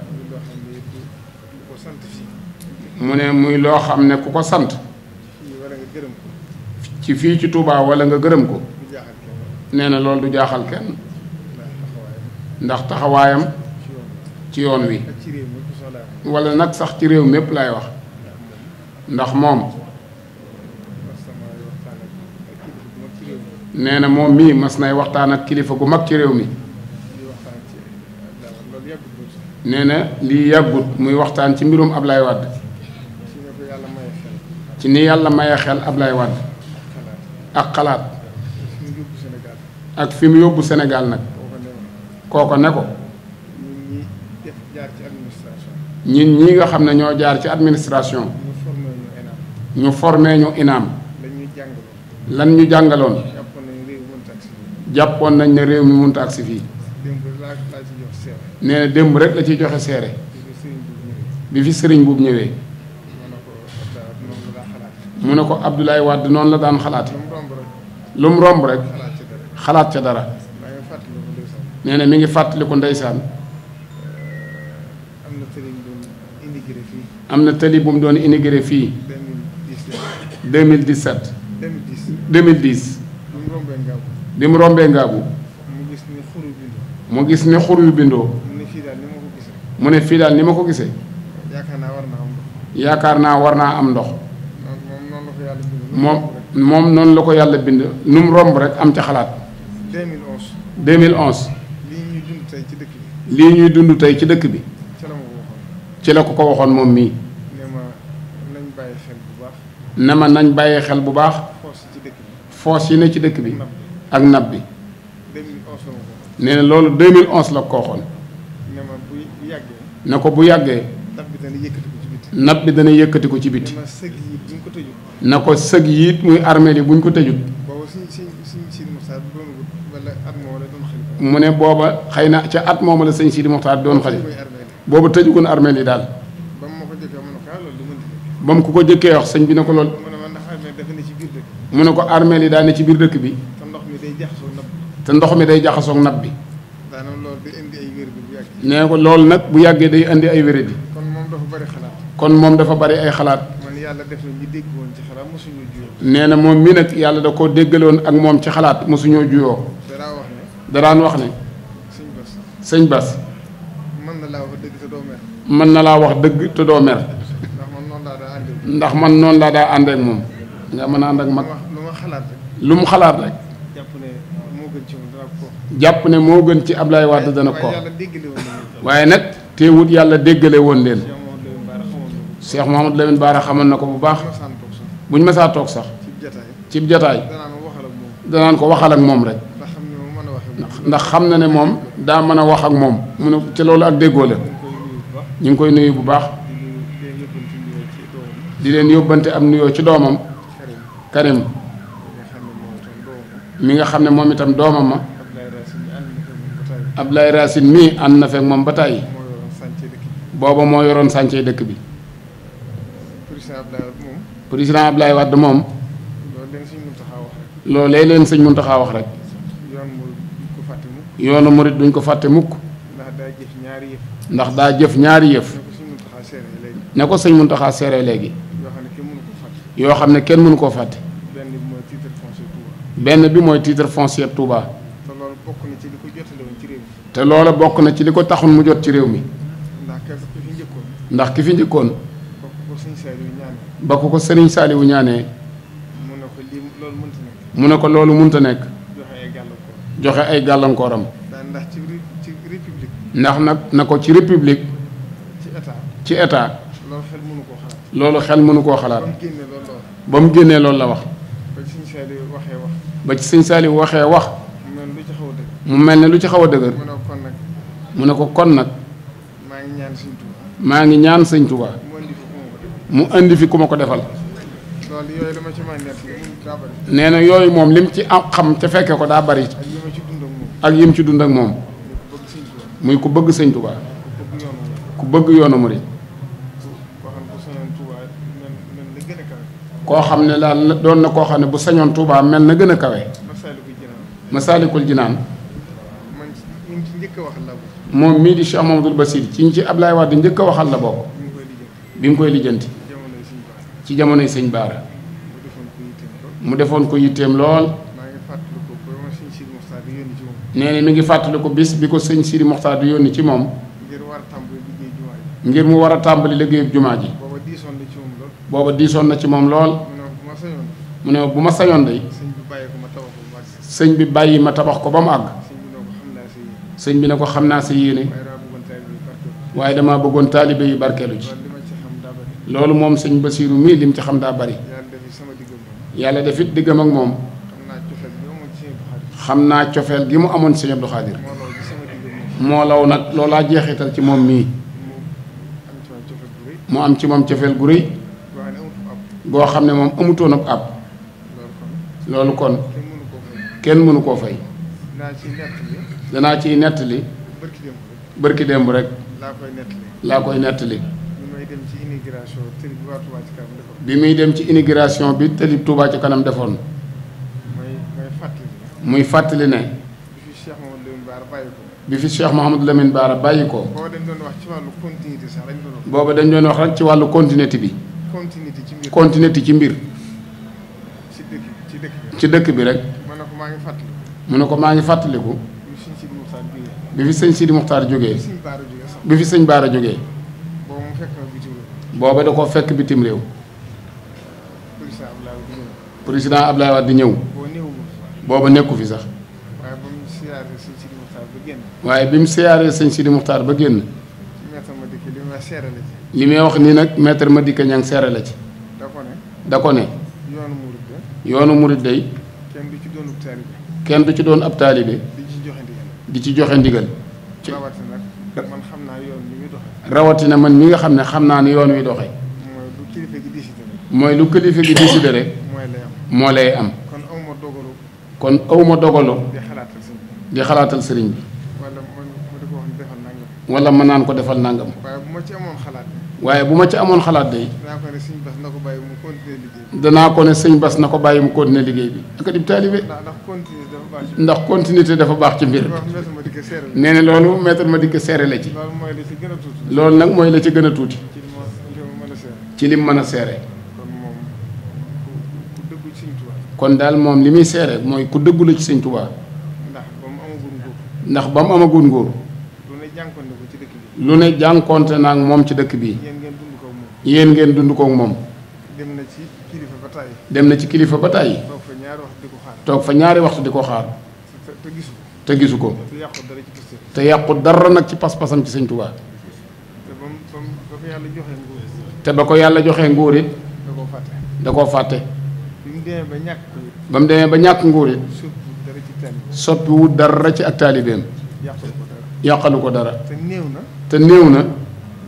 mu ne muy loo xam ne ku ko sant ci fii ci Touba wala nga gërëm ko nee na loolu du jaaxal kenn ndax taxawaayam ci yoon wi walla nag sax ci réew mépp lay wax ndax moom nee na moom mii mas nay waxtaan ak kilifa gu mag ci réew mi nee na lii yàggut muy waxtaan ci mbirum Ablaye Wade ci ni yàlla maye xel Ablaye Wade ak xalaat ak fi mu yóbbu Sénégal nag kooko ne ko ñun ñi nga xam ne ñoo jaar ci administration ñu formé ñu inaam lan ñu jàngaloon jàppoon nañ ne réew mi mënut a agsi fii nee na démb rek la ciy joxe seere bi fi sëriñ buub ñëwee mu ne ko abdulaay Wade noonu la daan xalaate lu mu romb rek xalaat ca dara nee na mi ngi fàttaliku ndeysaan eh, am na tëli bu mu doon inauguré fii 2017 2010 2010 bi mu rombee ngaabu mu gis ni xur yu bindoo mu ne fii daal ni ma ko gisee yaakaar naa war naa am ndox moom moom noonu la ko yàlla bind nu mu romb rek am ca xalaat 2011 lii ñuy dund tey ci dëkk bi ci la ko ko waxoon moom mii ne ma nañ bàyyi xel bu baax foos yi ne ci dëkk bi ak nab bi nee na loolu 2011 la ko waxoon na ko bu yàggee nab bi dana yëkkati ko ci biti na ko sëg yi it muy armeel yi bu ñu ko tëjut mu ne booba xëy na ca at mooma la sëñ Sidi Moxtaar doon xali booba tëjugoon armeel yi daal ah, ba mu ko ko jëkkee wax sëñ bi ne ko lool mu ne ko armeel yi daal ne ci biir dëkk bi te ndox mi day jaxasoog nab bi. daanaka loolu nee ko loolu nag bu yàggee day indi ay wéradi. kon moom dafa bari kon moom dafa bari ay xalaat. yàlla def na ñu dégg ci xalaat mosuñoo juyoo. nee na moom mii nag yàlla da koo déggaloon ak moom ci xalaat mosuñoo juyoo. danaa wax ne. danaan wax ne. sëñ Bas. sëñ mën na laa wax dëgg te doo mer. na laa wax dëgg te ndax man noon laa daa ànd ak moom. nga mën a ànd ak mag lu mu xalaat rek. jàpp ne moo gën ci ab Ablaye Wade dana ko waaye nag teewut yàlla déggale woon leen Cheikh Mouhamad Lamine Baara xamal na ko bu baax bu ñu mësaa toog sax cib jataay danaan ko waxal ak moom rek ndax xam na ne moom daa mën a wax ak moom mu ne ci loolu ak déggoo la ñu ngi koy nuyu bu baax di leen yóbbante am nuyoo ci doomam Karim mi nga xam ne moom itam doomam ma Abdoulaye Racine mii ànd na fekk moom ba tàyyi booba moo yoroon sàncee dëkk bi président Abdoulaye Wade moom loolee leen sëñ mun Muntaxa wax rek yoonu murit duñ ko fàtte mukk ndax daa jëf ñaari yëf ne ko sëñ Muntaxa seere léegi yoo xam ne kenn mënu koo fàtte benn bi mooy titre foncier Touba te loola bokk na ci li ko taxoon mu jot ci réew mi. ndax ki fi njëkkoon. ndax ki fi njëkkoon. ba ko ko Serigne Saliou ñaanee. mu ne ko lii mu ne ko loolu mënta nekk. joxe ay gàllankooram. joxe ay gàllankooram. ndax ci ci nag na ko ci république. ci état ci état. loolu xel mënu koo xalaat. loolu xel mënu koo xalaat. ba mu génnee loolu la wax. ba ci Serigne Saliou waxee wax. ba ci waxee wax. mu mel ne lu ci xaw a mu mel ne lu ci xaw a dëgër. mu ne ko kon nag maa ngi ñaan sëñ Tuubaa mu indi fi ku ma ko defal nee na yooyu moom lim ci am xam ca fekke ko daa bari ak yim ci dund ak moom muy ko bëgg sëñ Tuubaa ku bëgg yoonu murid koo xam ne daal doon na koo xam ne bu sañoon Tuubaa mel na gën a kawe masaalikul jinaan moom mii di Cheikh Mamadou Bassir ci ñi ci Ablaye Wade njëkk a waxal la bokk bi mu koy lijjanti ci jamonoy sëñ Baara mu defoon ko yitteem lool nee na mi ngi fàttaliku bis bi ko sëñ Sidi Moxtaar di yónni ci moom ngir mu war a tàmbali liggéeyub jumaa ji booba diisoon na ci moom lool mu ne bu ma sañoon dey sëñ bi bàyyi ma tabax ko ba mu àgg sëñ bi ne ko xam naa sa yéene waaye damaa bëggoon taalibe yi barkeelu ci loolu moom sëñ Basiiru mii li mu ci xam daa bari yàlla def it diggam ak moom xam naa cofeel gi mu amoon sëñ Abdou Khadir moo law nag loolaa jeexital ci moom mii mu am ci moom cofeel gu rëy boo xam ne moom amutoon ab ab loolu kon kenn mënu koo fay danaa ciy nettali bërki démb rek laa koy nettali bi muy dem ci inigration bi tëlib Touba ci kanam defoon muy fàttali ne bi fi Cheikh Mouhamadou Lamine Bara bàyyi ko booba dañ doon wax rek ci wàllu continuité bi continuité ci mbir ci dëkk bi rek mu ne ko maa ngi fàttaliku bi fi sëñ Sidi Muxtaar jógee bi fi sëñ Baara jógee booba da ko fekk bitim réew président Ablaye Wade di ñëw booba nekku fi sax waaye bi mu siyaaree sëñ Sidi Muxtaar ba génn li may wax nii nag maître Madické Niang seere la ci da ko ne yoonu murid day kenn du ci doon ab taalibe di ci joxe ndigal. ci rawatina man mi nga xam ne xam naa ni yoon wi doxee. mooy lu kilifa gi décidé rek. moo lay am. kon awma dogalu di xalaatal sëriñ bi. wala mën naan ko defal nangam. waaye bu ci amoon xalaat. waaye bu ma ci amoon xalaat day danaa ko ne sëñ bas na ko bàyyi mu continuer liggéey bi ak di taalibe ndax continuité dafa baax ci mbir bi nee na loolu maître ma dikk seere la ci loolu nag mooy la ci gën a tuuti ci li mu mën a seere kon daal moom li muy seere mooy ku dëggu la ci sëñ Tuubaa ndax ba mu amagun nguur lu ne jànkoonte naa ak moom ci dëkk bi yéen ngeen dund kook moom dem na ci kilifa ba tàyyi dem na ci kilifa ba tàyyi toog fa ñaari waxtu di ko xaar te gisu ko te yàqu dara nag ci pas-pasam ci sëñ Tuubaa te ba ko yàlla joxee nguur it da koo fàtte ba mu demee ba ñàkk nguur it soppi wut dara ci ak taalibeem yàqalu ko dara te néew na te néew na.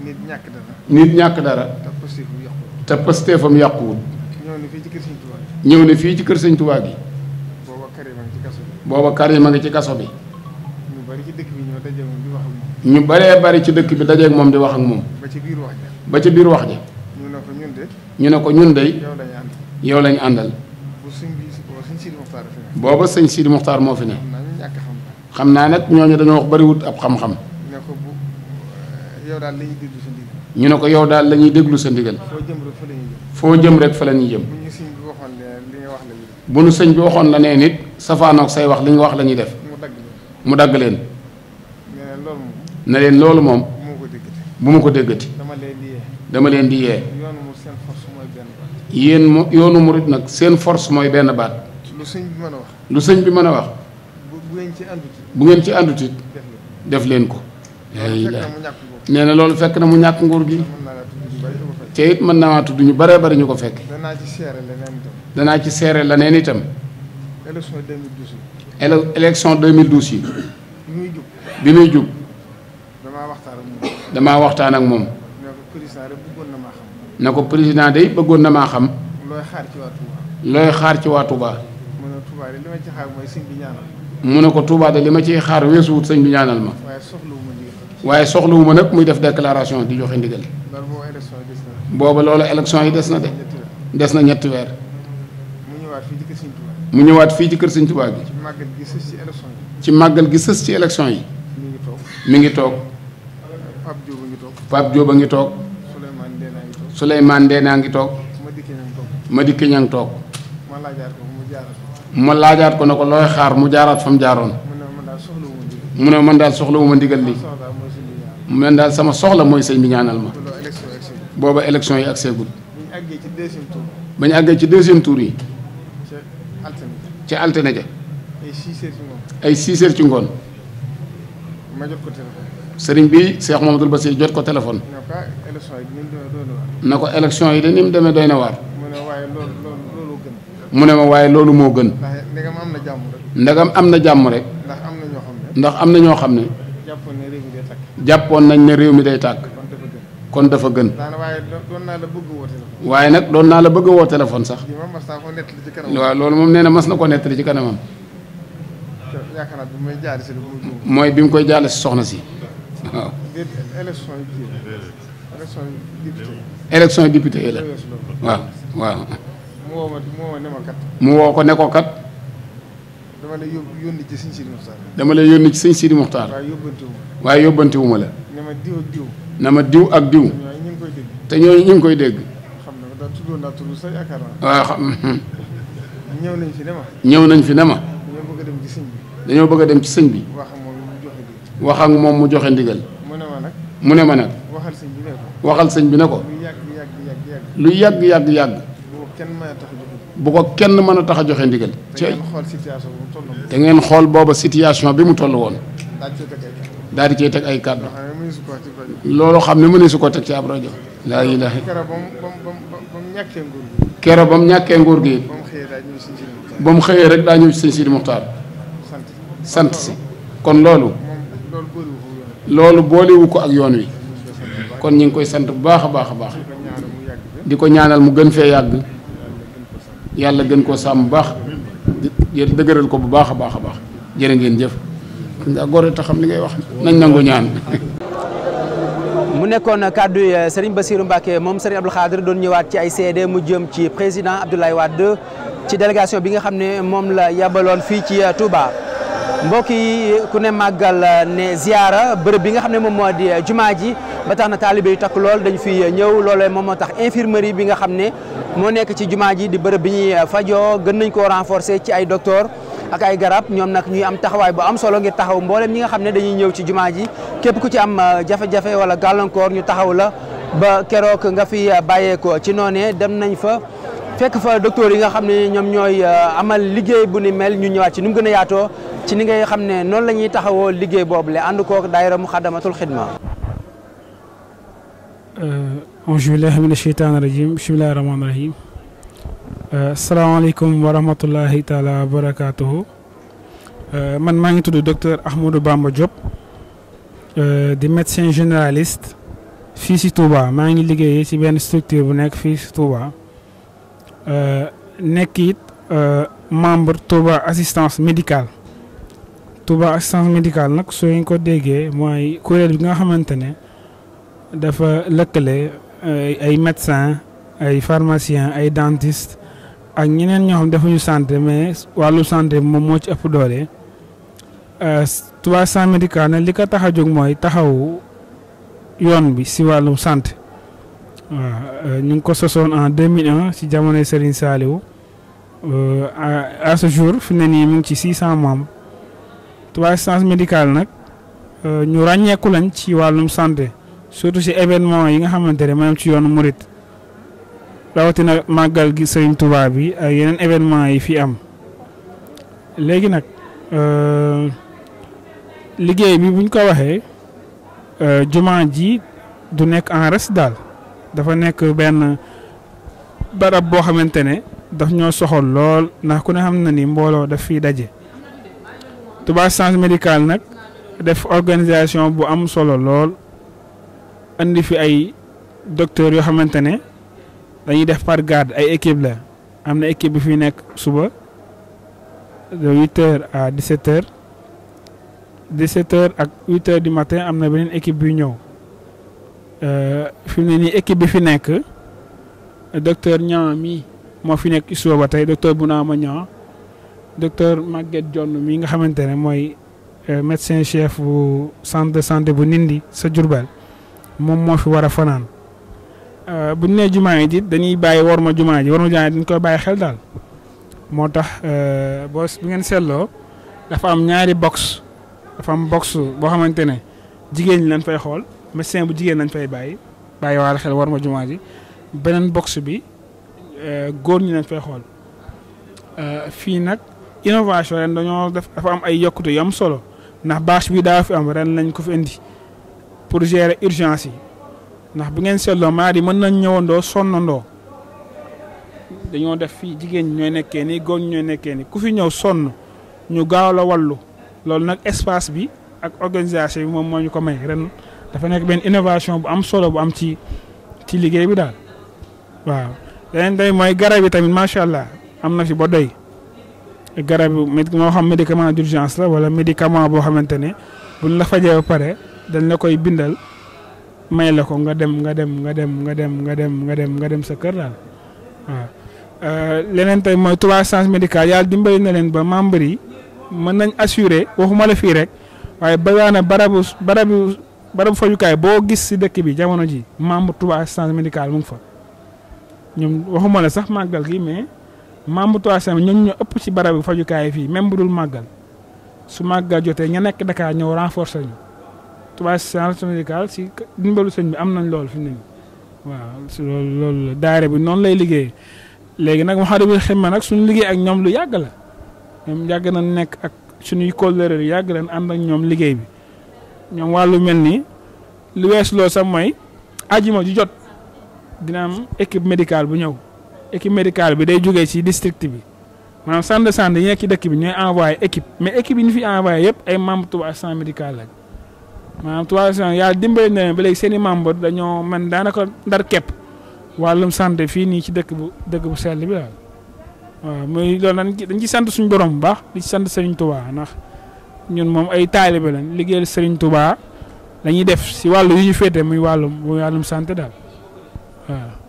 nit ñàkk dara. nit ñàkk dara. te pasteefam yàquwul. ñëw na fii ci kër sëñ Tuubaa gi. ñëw na fii ci kër sëñ gi. booba Karim a ngi ci kaso bi. booba Karim bi. ñu bari ci dëkk bi ñoo dajeeg moom di ñu baree bari ci dëkk bi dajeeg moom di wax ak moom. ba ci biir wax ja. ba ci biir wax ja. ñu ne ko ñun de. ñu ne ko ñun de. yow lañu àndal yow lañu àndal. booba sëñ Sidi Muxtaar moo fi ne. xam naa nag ñooñu dañoo wax bariwut ab xam-xam ñu ne ko yow daal la ñuy déglu sa ndigal. foo jëm rek fa la ñuy jëm. bu nu sëñ bi waxoon la nee nit safaanoog say wax li nga wax la ñuy def. mu dagg leen. na leen loolu moom. bu ma ko déggati. dama leen di yee. yéen mu yoonu mu murit nag seen force mooy benn baat. lu sëñ bi mën a wax. lu sëñ bi mën a wax. bu ngeen ci àndutit. bu ngeen ci àndutit def leen ko. nee na loolu fekk na mu ñàkk nguur gi te it mën naa tudd ñu bare bari ñu ko fekk danaa ci seere la neen itam mil 2012 yi bi muy jub damaa waxtaan ak moom na ko président de bëggoon na maa xam looy xaar ci waa Touba mu ne ko Touba de li ma ciy xaar weesuwut sëñ bi ñaanal ma waaye soxlawu ma nag muy def déclaration di joxe ndigal booba loolu élection yi des na de des na ñetti weer mu ñëwaat fii ci kër Sëñ Tuubaa bi ci màggal gi sës ci élection yi mi ngi toog Pape Diop a ngi toog Souleymane Ndéna naa ngi toog ma dikki ña ngi toog ma laajaat ko ne ko looy xaar mu jaaraat fa mu jaaroon mu ne man daal soxlawuma ndigal li mu mel daal sama soxla mooy sëñ bi ñaanal ma booba élection yi ak seegul ba ñu ci deuxième tour yi ci altine ja ay six heures ci ngoon sëriñ bi Cheikh Mamadou Bassir jot ko téléphone ah, na ko élection yi de ni mu demee doy na waar mu ne ma waaye loolu moo gën ndagam am na jàmm rek ndax am na ñoo xam ne jàppoon nañ ne réew mi day tàkk kon dafa gën waaye nag doon naa la bëgg woo téléphone sax waaw loolu moom nee na mas na ko nettali ci kanamam mooy bi mu koy jaale si soxna si waaw élection député yi la waaw waaw mu woo ko ne dama lay yónni ci sëñ Sidi Muxtaar. dama lay yónni ci sëñ Sidi Muxtaar. waaye yóbbante ma la. na ma diw ak diw. na ma diw ak diw. te ñooñu ñu ngi koy dégg. waaw xam. ñëw nañ fi ne ma. ñëw nañ fi ne ma. dañoo bëgg a dem ci sëñ bi. dañoo bëgg dem ci sëñ bi. wax ak moom mu joxe ndigal. mu ne ma nag. mu ne ma nag. waxal sëñ bi ne ko. waxal sëñ bi ne ko. lu yàgg yàgg yàgg yàgg. bu bu ko kenn mën a tax a joxe ndigal. ci da ngeen xool booba situation bi mu toll woon. daal di cay teg ay kàddu. loolu xam ne mënee su ko teg ci ab rajo. laa ilaaha keroog ba mu ñàkkee nguur gi. keroog ba mu nguur gi. ba mu xëyee rek daa ñëw si sëñ Sidi Muxtaar. sant si kon loolu. loolu boolewu ko ak yoon wi. kon ñu ngi koy sant bu baax a baax a baax. di ko ñaanal mu gën fee yàgg. yàlla gën koo sàmm bu baax dëgëral ko bu baax a baax a baax jërë ngeen jëf ndax góor te xam li ngay wax nañ nangu ñaan mu nekkoon kàddu yi eh, Serigne Bassirou Mbacke moom Serigne Abdou Khadre doon ñëwaat ci ay seede mu jëm ci président Abdoulaye Wade ci délégation bi nga xam ne moom la yabaloon fii ci eh, Touba mbokk yi ku ne màggal euh, ne ziara bërëb bi nga xam ne moom moo di euh, jumaa ji ba tax na taalibe yu takk lool dañu fi euh, ñëw loole moom moo tax infirmerie bi nga xam ne moo nekk ci jumaa ji di bërëb bi ñuy fajoo gën nañ koo renforcer ci ay docteur ak ay garab ñoom nag ñuy am taxawaay bu am solo ngir taxaw mboolem ñi nga xam ne dañuy ñëw ci jumaa ji képp ku ci am jafe wala gàllankoor ñu taxaw la ba keroog nga fi bàyyeekoo ci noonee dem nañ fa fekk fa docteur yi nga xam ne ñoom ñooy amal liggéey bu ni mel ñu ñëwaat ci nu mu gën a yaatoo ci ni ngay xam ne noonu lañuy taxawoo liggéey boobu la ànd koo daayira Muxaddamatul Xidma. Euh, auzu billaahi mina sheytaani rajiim bismillaahi rahmaani rahiim. Euh, asalaamaaleykum wa rahmatullaahi taalaa wa euh, man maa ngi tudd docteur Ahmadou Bamba Diop. di médecin généraliste. fii si Touba maa ngi liggéeyee si benn structure bu nekk fii si Touba. nekk it membre Touba assistance médical Touba assistance médicale nag soo ñu ko déggee mooy kuréel bi nga xamante ne dafa lëkkale ay médecins ay pharmaciens ay dentistes ak ñeneen ñoo xam defuñu santé mais wàllu santé moom moo ci ëpp doole. Euh, Touba assistance médicale nag li ko tax a jóg mooy taxawu yoon bi si wàllu santé waaw euh, ñu ngi ko sosoon en 2001 si jamonoy Serigne Saliou euh, à ce jour fi ne nii mu ngi ci 600 waa science médicale nag euh, ñu ràññeeku lañ ci wàllum santé surtout si événement yi nga xamante ne maanaam ci yoonu murit rawatina màggal gi Sëriñ Tuubaa bi ak yeneen événement yi fi am léegi nag euh, liggéey bi buñ ko waxee euh, jumaa ji du nekk en reste daal dafa nekk benn barab boo xamante ne daf ñoo soxal lool ndax ku ne xam na ni mbooloo daf fiy daje Touba Assistance Médicale nag def organisation bu am solo lool indi fi ay docteurs yoo xamante ne dañuy def par garde ay équipe la am na équipe bi fi nekk suba de huit heures à dix sept heures dix sept heures ak huit heures du matin am na beneen équipe bi ñëw euh, fi mu ne nii équipe bi fi nekk docteur Niang mi moo fi nekk suba ba tey docteur Bounama Niang docteur Maguette Dione mii nga xamante ne mooy euh, médecin chef bu centre de santé bu Nindi sa Diourbel moom moo fi war a fanaan euh, bu ñu nee jumaa ji dañuy bàyyi war ma jumaa ji war ma jumaa dañ koy bàyyi xel daal moo tax euh, boo bu ngeen seetloo dafa am ñaari box dafa am box boo xamante ne jigéen ñi lañ fay xool médecin bu jigéen lañ fay bàyyi bàyyi waale xel war ma jumaa ji beneen boks bi góor ñi lañ fay xool fii nag innovation ren dañoo def dafa am ay yokkute yu am solo ndax bâche bi daa fi am ren lañ ko fi indi pour gérer urgence yi ndax bu ngeen seetloo maladie yi mën nañ ñëwandoo sonnandoo dañoo def fii jigéen ñi ñooy nekkee nii góor ñooy nekkee nii ku fi ñëw sonn ñu gaaw la wallu loolu nag espace bi ak organisation bi moom moo ñu ko may ren dafa nekk benn innovation bu am solo bu am ci ci liggéey bi daal waaw leneen day mooy garab yi tamit macha allah am na fi ba doy. garab moo xam médicament d'urgence la wala médicament boo xamante ne buñ la fajee ba pare dañ la koy bindal may la ko nga dem nga dem nga dem nga dem nga dem nga dem nga dem sa kër daal waaw. Euh, leneen tey mooy trois sens médical yàlla dimbali na leen ba membre yi mën nañ assurer waxuma la fii rek waaye bëgaana barabu barabu barabu fajukaay boo gis si dëkk bi jamono ji membre trois sens médical mu ngi fa ñoom waxuma la sax màggal gi mais. membre Touba Saint-Louis ñooñu ñoo ëpp ci barabu fajukaay fii même bu dul màggal su màggal jotee ña nekk Dakar ñëw renforcer ñu Touba saint si dimbalu sëñ bi am nañ loolu fi mu waaw si loolu noonu lay liggéey léegi nag wax dëgg ximma nag suñu liggéey ak ñoom lu yàgg la ñoom yàgg na nekk ak suñuy kóllëre lu yàgg leen ànd ak ñoom liggéey bi ñoom wàllu mel nii lu wees loolu sax mooy ajima ju jot dina am équipe médicale bu ñëw. équipe médicale bi day jógee ci district bi maanaam centre de santé yi nekk dëkk bi ñooy envoyé équipe mais équipe yi ñu fi envoyé yëpp ay membre Touba Assistance Médicale lañ maanaam Touba Assistance yàlla dimbali na leen ba seen i membre dañoo man daanaka ndar képp wàllum santé fii nii ci dëkk bu dëkk bu sell bi daal waaw muy loolu dañ ci sant suñu borom bu baax sant Serigne Touba ndax ñun moom ay taalibe lañ liggéeyal Serigne Touba lañuy def si wàllu yu ñu féete muy wàllum muy wàllum santé daal waaw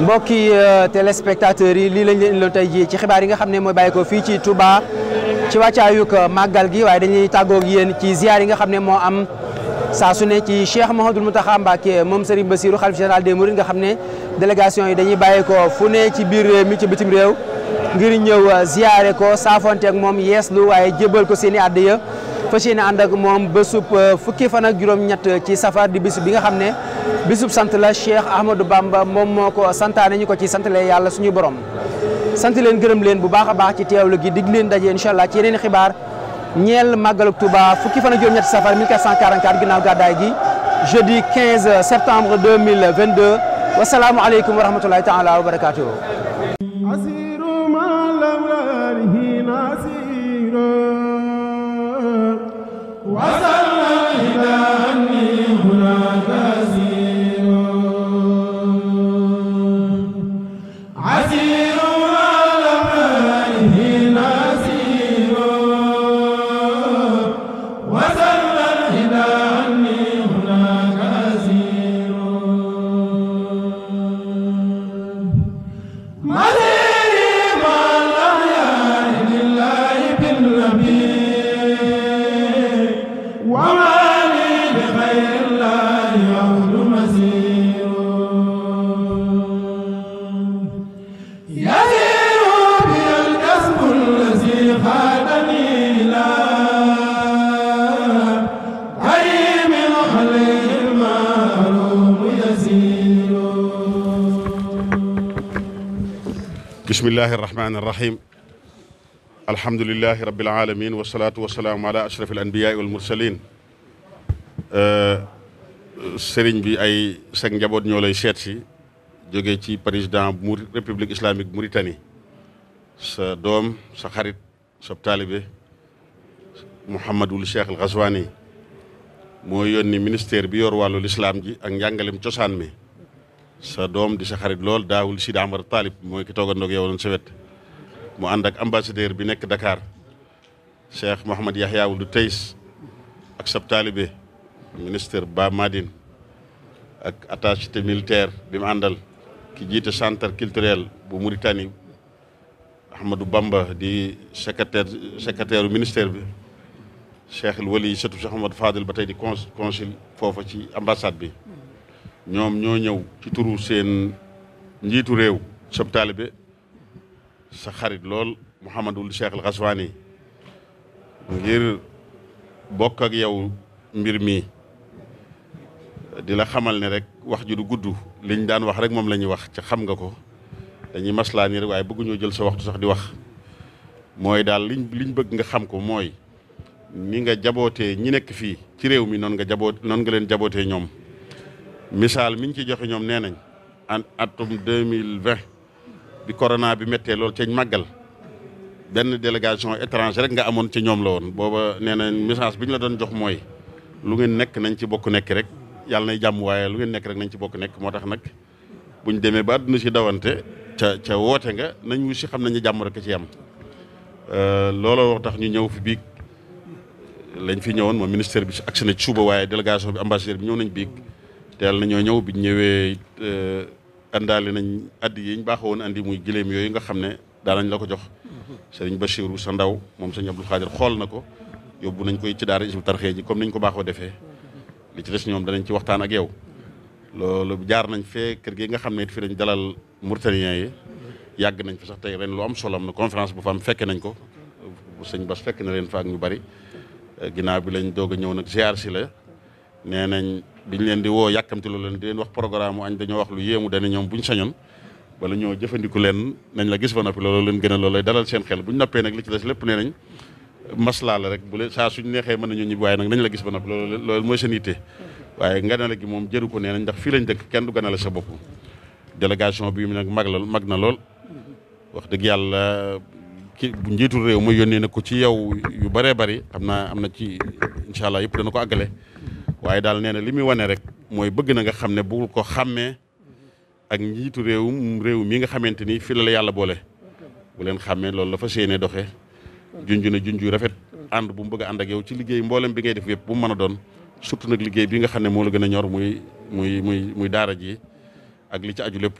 mbokki euh, téléspectateurs yi lii lañ leen loo tey ji ci xibaar yi nga xam ne moo bàyyi ko fii ci Touba ci wàccaayug màggal gi waaye dañuy tàggoog yéen ci ziar yi nga xam ne moo am saa su ne ci Cheikh mu tax Mbacké moom Serigne Bassirou xalif général des Mourides nga xam ne délégation yi dañuy bàyyi ko fu ne ci biir réew mi ci bitim réew ngir ñëw euh, ziare ko saafonteeg moom yeeslu waaye jëbal ko seeni i àddiya fas yéene ànd ak moom bésub euh, fukki fan ak juróom-ñett ci safar di bisub bi nga xam ne bisub sant la Cheikh Ahmadou Bamba moom moo ko santaane ñu ko ci la yàlla suñu borom. sant leen gërëm leen bu baax a baax ci teewlu gi dig leen daje incha allah ci yeneen xibaar ñeel màggalu Touba fukki fan ak juróom-ñett safar 1444 ginnaaw gàddaay gi jeudi 15 septembre 2022 wasalaamualeykum wa rahmatulahi taala a bismillahi irrahmani irrahim alhamdulilahi rabil alamin wasalaatu wasalaamu ala ashraf al anbiyaai wal mursalin euh, sëriñ bi ay sag njaboot ñoo lay seet si jóge ci président mu république islamique Mauritanie sa doom sa xarit sa taalibe Mouhamadul Cheikh al Ghazwani moo yónni ministère bi yor wàllu lislaam ji ak njàngalem cosaan mi sa doom di sa xarit lool daawul Sidi Amar Taalib mooy ki toogandoog yow doon sa wet mu ànd ak ambassadeur bi nekk Dakar Cheikh Mouhamad Yahya Wuld Teys ak sab taalibe ministre Ba Madine ak attaché militaire bi mu àndal ki jiite centre culturel bu Mauritanie Ahmadou Bamba di secrétaire secrétaire ministère bi Cheikh El Wali sëtu Cheikh Ahmad Fadil ba tey di consul foofa ci ambassade bi ñoom ñoo ñëw ci turu seen njiitu réew sab taalibe sa xarit lool Mouhamadul Cheikh al Xaswaani ngir bokk ak yow mbir mi di la xamal ne rek wax ji du gudd liñ daan wax rek moom la ñuy wax ca xam nga ko dañuy maslaa nii rek waaye bëgguñoo jël sa waxtu sax di wax mooy daal liñ liñ bëgg nga xam ko mooy ni nga jabootee ñi nekk fii ci réew mi noonu nga jaboot noonu nga leen jabootee ñoom misaal mi ñu ci joxe ñoom nee nañ an atum deux mille vingt bi corona bi méttee lool ceeñ màggal benn délégation étranger rek nga amoon ci ñoom la woon booba nee nañ message bi ñu la doon jox mooy lu ngeen nekk nañ ci bokk nekk rek yàlla nay jàmm waaye lu ngeen nekk rek nañ ci bokk nekk moo tax nag bu ñu demee ba àdduna si dawante ca ca woote nga nañ wu si xam nañu jàmm rek ci am euh, looloo wax tax ñu ñëw fi biig lañ fi ñëwoon moom ministère bi agsi na ci waaye délégation bi ambassadeur bi ñëw nañ biig teel na ñoo ñëw bi ñëwee euh, àndaale nañ addi yi ñu baax woon andi muy giléem yooyu nga xam ne daal nañ la ko jox sëriñ Bachirou sa ndaw moom sëriñ Abdou Khadir xool na ko yóbbu nañ koy ci daara isbu tarxee ji comme niñ ko baaxoo defee li ci des ñoom danañ ci waxtaan ak yow loolu jaar nañ fee kër gi nga xam ne it fi lañ dalal Mauritaniens yi yàgg nañ fa sax tey ren lu am solo am na conférence bu fa am fekke nañ ko sëñ Bas fekk na leen fa ñu bari ginaaw bi lañ doog a ñëw nag ziar si la nee nañ diñ leen di woo yàkkamti lu leen di wax programme mu añ dañoo wax lu yéemu dana ñoom buñ sañoon wala ñoo jëfandiku leen nañ la gis ba noppi loolu leen gëna a lay dalal seen xel buñ noppee nag li ci des lépp nee nañ maslaa la rek bu leen saa suñ neexee mën nañu ñibbi waaye nag nañ la gis ba noppi loolu loolu mooy seen yitte waaye nganale gi moom jëru ko nee nañ ndax fi lañ dëkk kenn du ganale sa bopp délégation bi mu nag mag la mag na lool wax dëgg yàlla bu njiitul réew ma yónnee na ko ci yow yu bëree bëri xam naa am na ci incha allah yëpp dana ko aggale waaye daal nee na li muy wane rek mooy bëgg na nga xam ne bugul ko xàmmee ak njiitu réewum réew mii nga xamante ni fi la la yàlla boole bu leen xàmmee loolu la fa séenee doxee junju na junju rafet ànd bu mu bëgg a ànd ak yow ci liggéey mboolem bi ngay def yëpp bu mu mën a doon surtout nag liggéey bi nga xam ne moo la gën a ñor muy muy muy muy daara ji ak li ci aju lépp